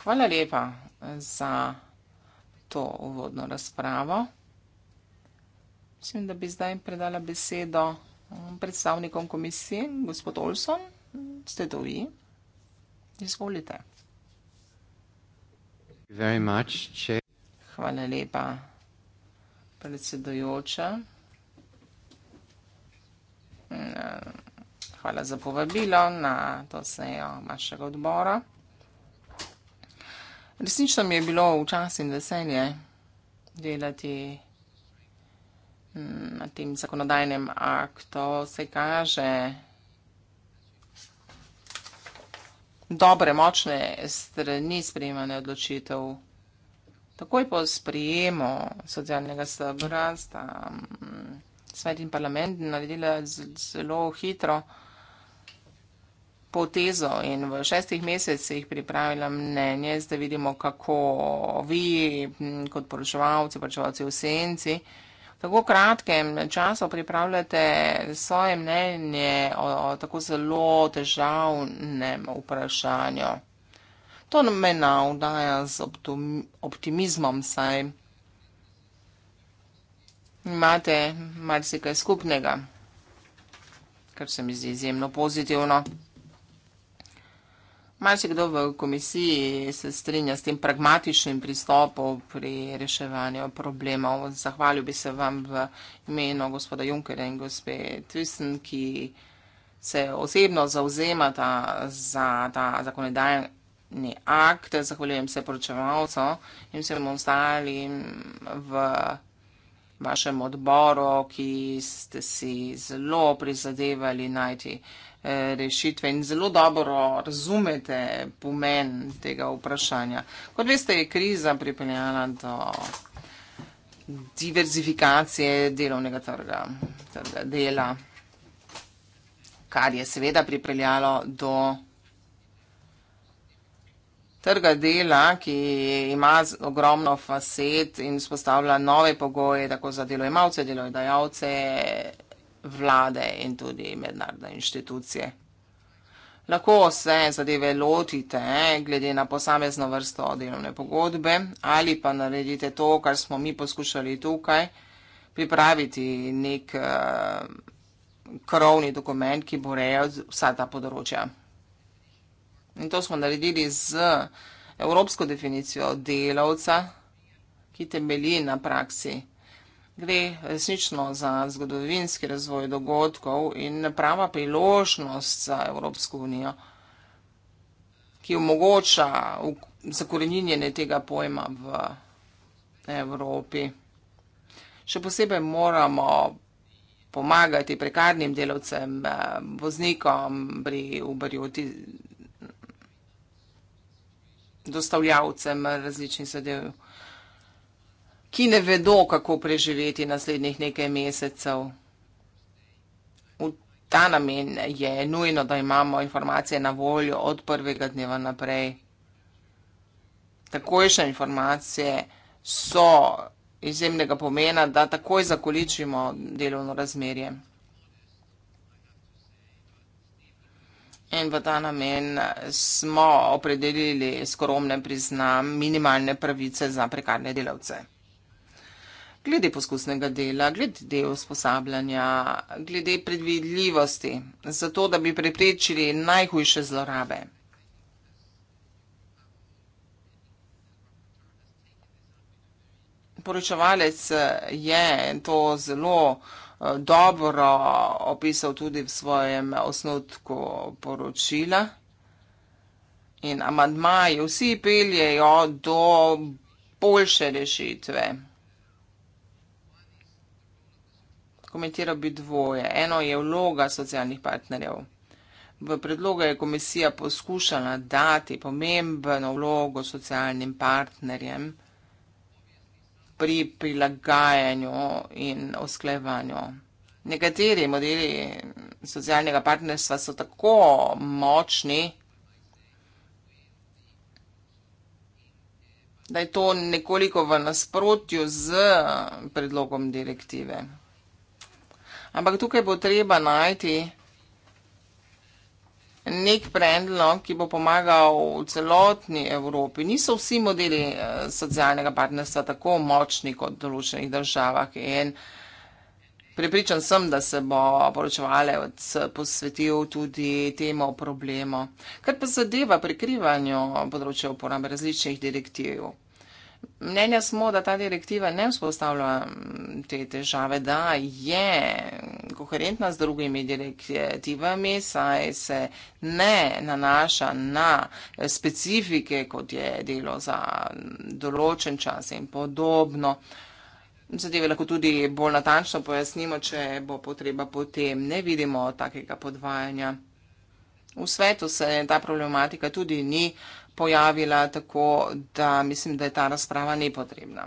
Hvala lepa za to uvodno razpravo. Mislim, da bi zdaj predala besedo um, predstavnikom komisije, gospod Olson, ste to vi. Izvolite. Hvala lepa, predsedujoča. Mm, hvala za povabilo na to sejo vašega odbora. Resnično mi je bilo včasih in veselje delati mm, na tem zakonodajnem aktu. Se kaže dobre, močne strani sprejemanja odločitev. Takoj po sprejemu socialnega stabra sta mm, svet in parlament naredila zelo hitro potezo in v šestih mesecih pripravila mnenje, da vidimo, kako vi kot poročevalci, poročevalci v senci, tako kratkem času pripravljate svoje mnenje o, o tako zelo težavnem vprašanju. To me navdaja z optimizmom, saj imate marsikaj skupnega, kar se mi zdi izjemno pozitivno. Marsikdo v komisiji se strinja s tem pragmatičnim pristopom pri reševanju problemov. Zahvalil bi se vam v imenu gospoda Junkera in gospe Twisten, ki se osebno zauzemata za ta zakonodajni akt. Zahvaljujem se poročevalcu in vsem ostalim v vašem odboru, ki ste si zelo prizadevali najti eh, rešitve in zelo dobro razumete pomen tega vprašanja. Kot veste, je kriza pripeljala do diverzifikacije delovnega trga, trga dela, kar je seveda pripeljalo do trga dela, ki ima ogromno facet in spostavlja nove pogoje tako za delojemalce, delojedajalce, vlade in tudi mednarodne inštitucije. Lahko se zadeve lotite glede na posamezno vrsto delovne pogodbe ali pa naredite to, kar smo mi poskušali tukaj, pripraviti nek uh, krovni dokument, ki bo rejal vsa ta področja. In to smo naredili z evropsko definicijo delavca, ki temelji na praksi. Gre resnično za zgodovinski razvoj dogodkov in prava priložnost za Evropsko unijo, ki omogoča zakorenjenje tega pojma v Evropi. Še posebej moramo pomagati prekarnim delavcem, voznikom pri uberju dostavljavcem različnih zadev, ki ne vedo, kako preživeti naslednjih nekaj mesecev. V ta namen je nujno, da imamo informacije na voljo od prvega dneva naprej. Takojšnje informacije so izjemnega pomena, da takoj zakoličimo delovno razmerje. In v ta namen smo opredelili skromne priznam minimalne pravice za prekarne delavce. Glede poskusnega dela, glede del usposabljanja, glede predvidljivosti, zato da bi preprečili najhujše zlorabe. Poročevalec je to zelo dobro opisal tudi v svojem osnutku poročila. In amadmaji vsi peljejo do boljše rešitve. Komentiral bi dvoje. Eno je vloga socialnih partnerjev. V predlogu je komisija poskušala dati pomembno vlogo socialnim partnerjem pri prilagajanju in usklejevanju. Nekateri modeli socialnega partnerstva so tako močni, da je to nekoliko v nasprotju z predlogom direktive. Ampak tukaj bo treba najti nek brand, no, ki bo pomagal v celotni Evropi. Niso vsi modeli eh, socialnega partnerstva tako močni kot v določenih državah in pripričan sem, da se bo poročevalec posvetil tudi temu problemu. Kar pa zadeva prikrivanju področja uporabe različnih direktiv, Mnenja smo, da ta direktiva ne vzpostavlja mm, te težave, da je koherentna z drugimi direktivami, saj se ne nanaša na specifike, kot je delo za določen čas in podobno. Zadeve lahko tudi bolj natančno pojasnimo, če bo potreba potem. Ne vidimo takega podvajanja. V svetu se ta problematika tudi ni pojavila, tako da mislim, da je ta razprava nepotrebna.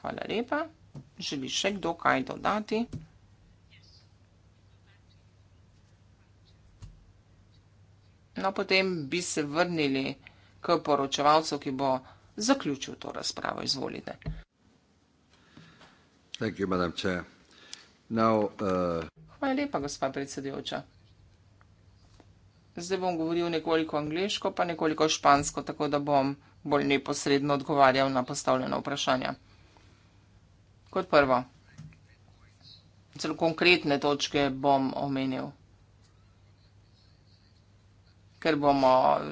Hvala lepa. Želi še kdo kaj dodati? No, potem bi se vrnili k poročevalcu, ki bo zaključil to razpravo. Izvolite. Uh, Hvala lepa, gospa predsedujoča. Zdaj bom govoril nekoliko angliško, pa nekoliko špansko, tako da bom bolj neposredno odgovarjal na postavljena vprašanja. Kot prvo, zelo konkretne točke bom omenil, ker bomo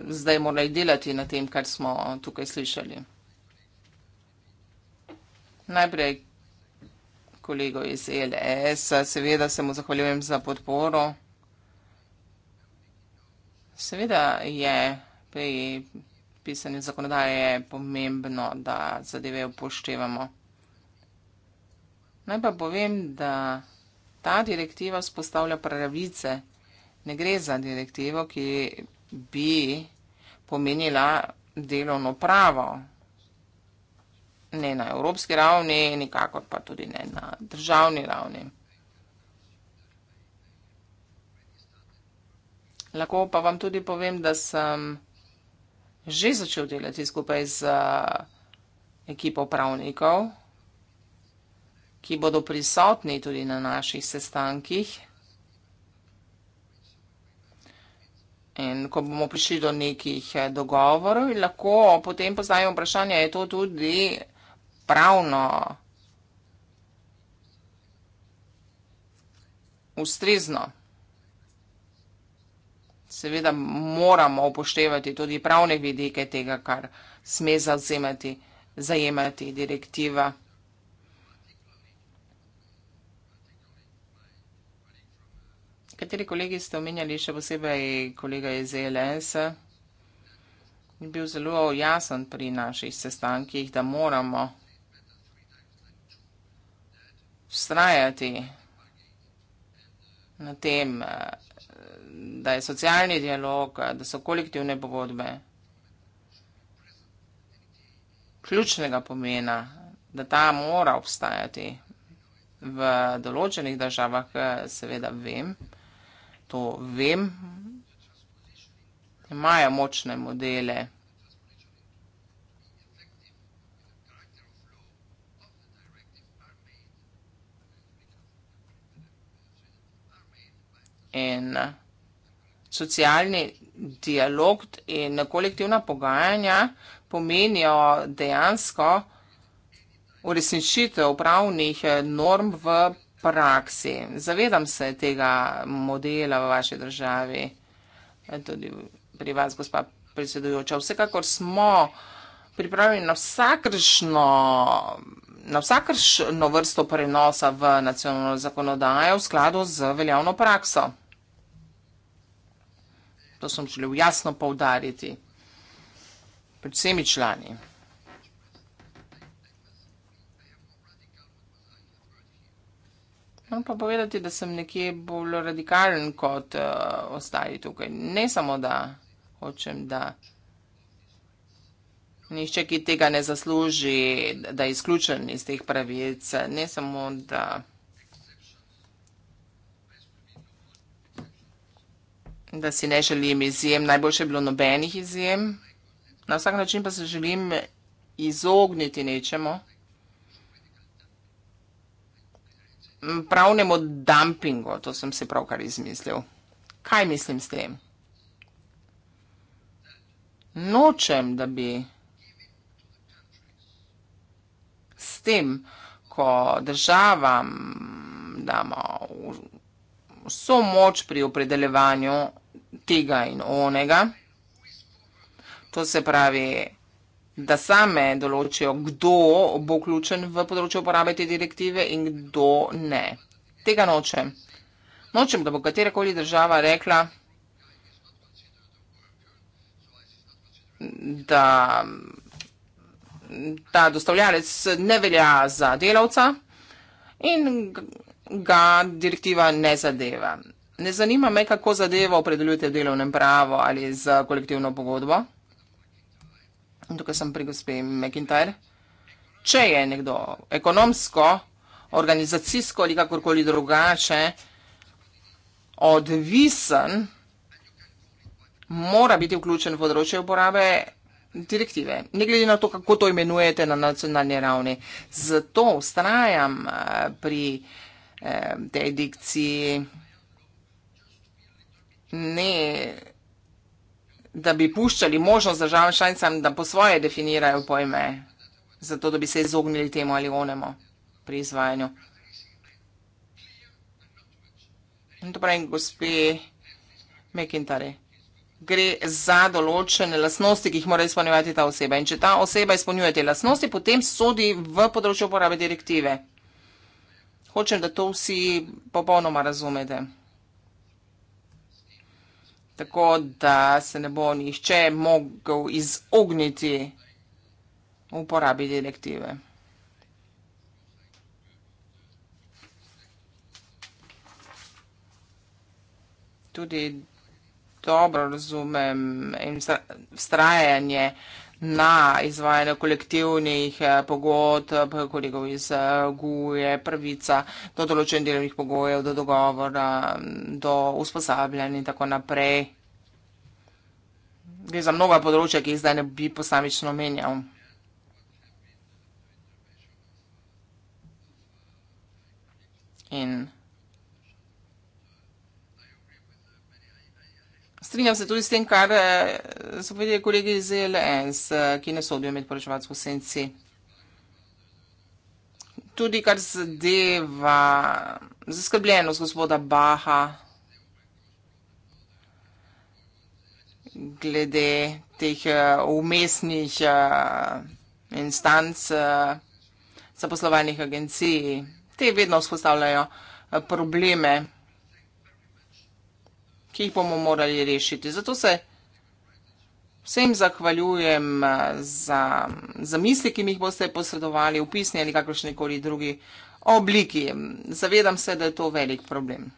zdaj morali delati na tem, kar smo tukaj slišali. Najprej kolego iz LS, e seveda se mu zahvaljujem za podporo. Seveda je pri pisanju zakonodaje pomembno, da zadeve upoštevamo. Naj pa povem, da ta direktiva spostavlja pravice. Ne gre za direktivo, ki bi pomenila delovno pravo. Ne na evropski ravni, nikakor pa tudi ne na državni ravni. Lahko pa vam tudi povem, da sem že začel delati skupaj z eh, ekipo pravnikov, ki bodo prisotni tudi na naših sestankih. In ko bomo prišli do nekih eh, dogovorov, lahko potem postavimo vprašanje, je to tudi pravno ustrezno seveda moramo upoštevati tudi pravne vidike tega, kar sme zauzemati, zajemati direktiva. Kateri kolegi ste omenjali, še posebej kolega iz ELS, je bil zelo jasen pri naših sestankih, da moramo vztrajati na tem, eh, da je socialni dialog, da so kolektivne pogodbe ključnega pomena, da ta mora obstajati v določenih državah, seveda vem, to vem, imajo močne modele, in eh, socialni dialog in kolektivna pogajanja pomenijo dejansko uresničitev pravnih eh, norm v praksi. Zavedam se tega modela v vaši državi, eh, tudi pri vas, gospa predsedujoča. Vsekakor smo pripravljeni na vsakršno na vsakršno vrsto prenosa v nacionalno zakonodajo v skladu z veljavno prakso. To sem želel jasno povdariti pred vsemi člani. Moram pa povedati, da sem nekje bolj radikalen kot eh, ostali tukaj. Ne samo, da hočem, da nišče, ki tega ne zasluži, da je izključen iz teh pravic. Ne samo, da... da si ne želim izjem, najboljše je bilo nobenih izjem, na vsak način pa se želim izogniti nečemu, pravnemu dumpingu, to sem si pravkar izmislil. Kaj mislim s tem? Nočem, da bi s tem, ko državam damo vso moč pri opredelevanju tega in onega. To se pravi, da same določijo, kdo bo vključen v področje uporabe te direktive in kdo ne. Tega nočem. Nočem, da bo katerakoli država rekla, da ta dostavljalec ne velja za delavca in ga direktiva ne zadeva. Ne zanima me, kako zadevo opredeljujete v delovnem pravu ali z kolektivno pogodbo. In tukaj sem pri gospe McIntyre. Če je nekdo ekonomsko, organizacijsko ali kakorkoli drugače odvisen, mora biti vključen v področje uporabe direktive. Ne glede na to, kako to imenujete na nacionalni ravni. Zato ustrajam eh, pri eh, tej dikciji ne, da bi puščali možnost državam članicam, da po svoje definirajo pojme, zato da bi se izognili temu ali onemu pri izvajanju. In to pravim, gospe Mekintare, gre za določene lasnosti, ki jih mora izpolnjevati ta oseba. In če ta oseba izpolnjuje te lasnosti, potem sodi v področju uporabe direktive. Hočem, da to vsi popolnoma razumete tako da se ne bo nišče mogel izogniti uporabi direktive. Tudi dobro razumem in vztrajanje, na izvajanje kolektivnih eh, pogodb, eh, kolegov iz eh, GUE, pravica do določen delovnih pogojev, do dogovora, mm, do usposabljanja in tako naprej. Gre za mnoga področja, ki jih zdaj ne bi posamično omenjal. In strinjam se tudi s tem, kar eh, so povedali kolegi iz e LNS, eh, ki ne sodijo med poročevalsko senci. Tudi kar zadeva zaskrbljenost gospoda Baha glede teh eh, umestnih instanc zaposlovalnih agencij. Te vedno vzpostavljajo probleme ki jih bomo morali rešiti. Zato se vsem zahvaljujem eh, za, za misli, ki mi jih boste posredovali v pisni ali kakršni koli drugi obliki. Zavedam se, da je to velik problem.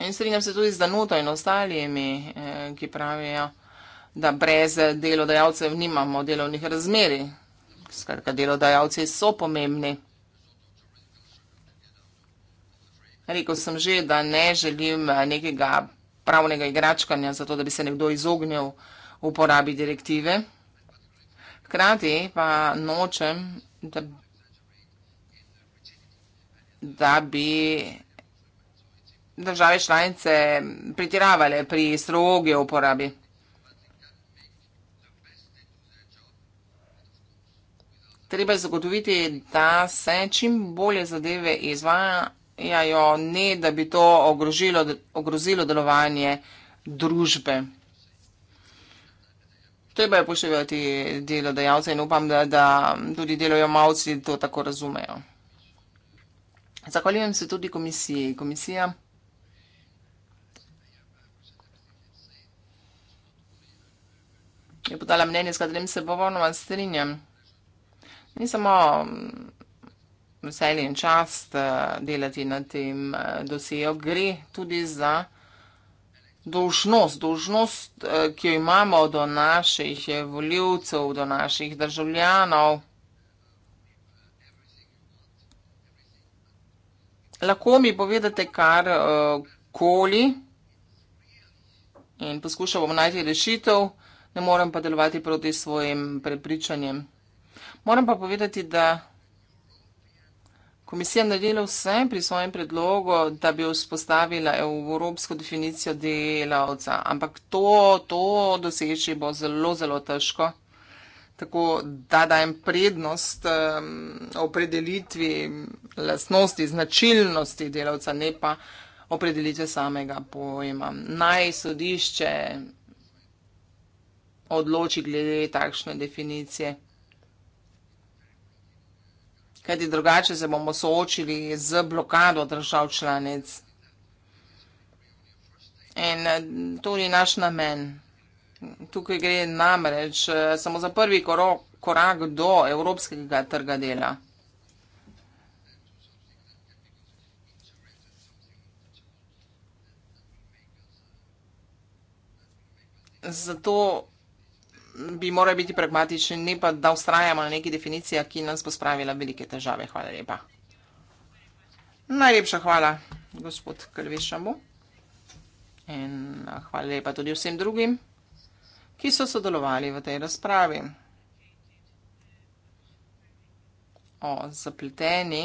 In strinjam se tudi z Danuto in ostalimi, eh, ki pravijo, da brez delodajalcev nimamo delovnih razmeri. Skratka, delodajalci so pomembni. Rekl sem že, da ne želim eh, nekega pravnega igračkanja, zato da bi se nekdo izognil uporabi direktive. Hkrati pa nočem, da, da bi države članice pritiravale pri strogi uporabi. Treba je zagotoviti, da se čim bolje zadeve izvaja spreminjajo, ne da bi to ogrožilo, ogrozilo delovanje družbe. Treba je poševati delodajalce in upam, da, da tudi delojemalci to tako razumejo. Zahvaljujem se tudi komisiji. Komisija je podala mnenje, s katerim se povrnoma strinjam. Ni samo veselje in čast eh, delati na tem eh, dosejo. Gre tudi za dožnost, dožnost, eh, ki jo imamo do naših voljivcev, do naših državljanov. Lahko mi povedate kar koli in poskušal bom najti rešitev, ne morem pa delovati proti svojim prepričanjem. Moram pa povedati, da Komisija naredila vse pri svojem predlogu, da bi vzpostavila evropsko definicijo delavca, ampak to, to doseči bo zelo, zelo težko. Tako da dajem prednost um, opredelitvi lasnosti, značilnosti delavca, ne pa opredelitve samega pojma. Naj sodišče odloči glede takšne definicije kajti drugače se bomo soočili z blokado držav članic. In eh, to ni naš namen. Tukaj gre namreč eh, samo za prvi korok, korak do evropskega trga dela. Zato bi morali biti pragmatični, ne pa da ustrajamo na neki definiciji, ki nas bo spravila velike težave. Hvala lepa. Najlepša hvala, gospod Krvišamu. In hvala lepa tudi vsem drugim, ki so sodelovali v tej razpravi o zapleteni,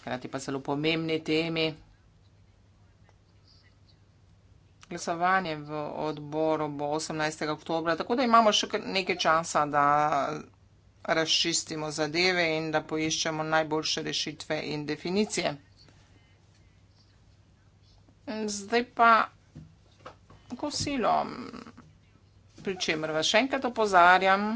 hkrati pa zelo pomembni temi glasovanje v odboru bo 18. oktober, tako da imamo še nekaj časa, da razčistimo zadeve in da poiščemo najboljše rešitve in definicije. Zdaj pa kosilo, pri čemer vas še enkrat opozarjam,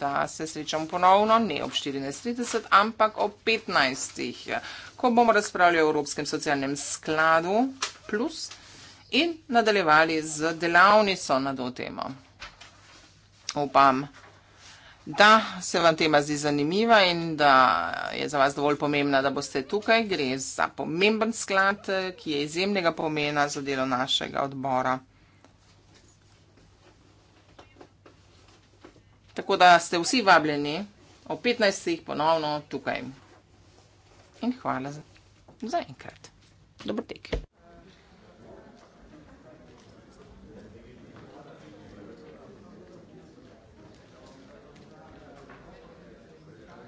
da se srečam ponovno ne ob 14.30, ampak ob 15.00, ko bomo razpravljali o Evropskem socialnem skladu plus 15.00 in nadaljevali z delavnico na to temo. Upam, da se vam tema zdi zanimiva in da je za vas dovolj pomembna, da boste tukaj. Gre za pomemben sklad, ki je izjemnega pomena za delo našega odbora. Tako da ste vsi vabljeni o 15. ponovno tukaj. In hvala za enkrat. Dobro tek.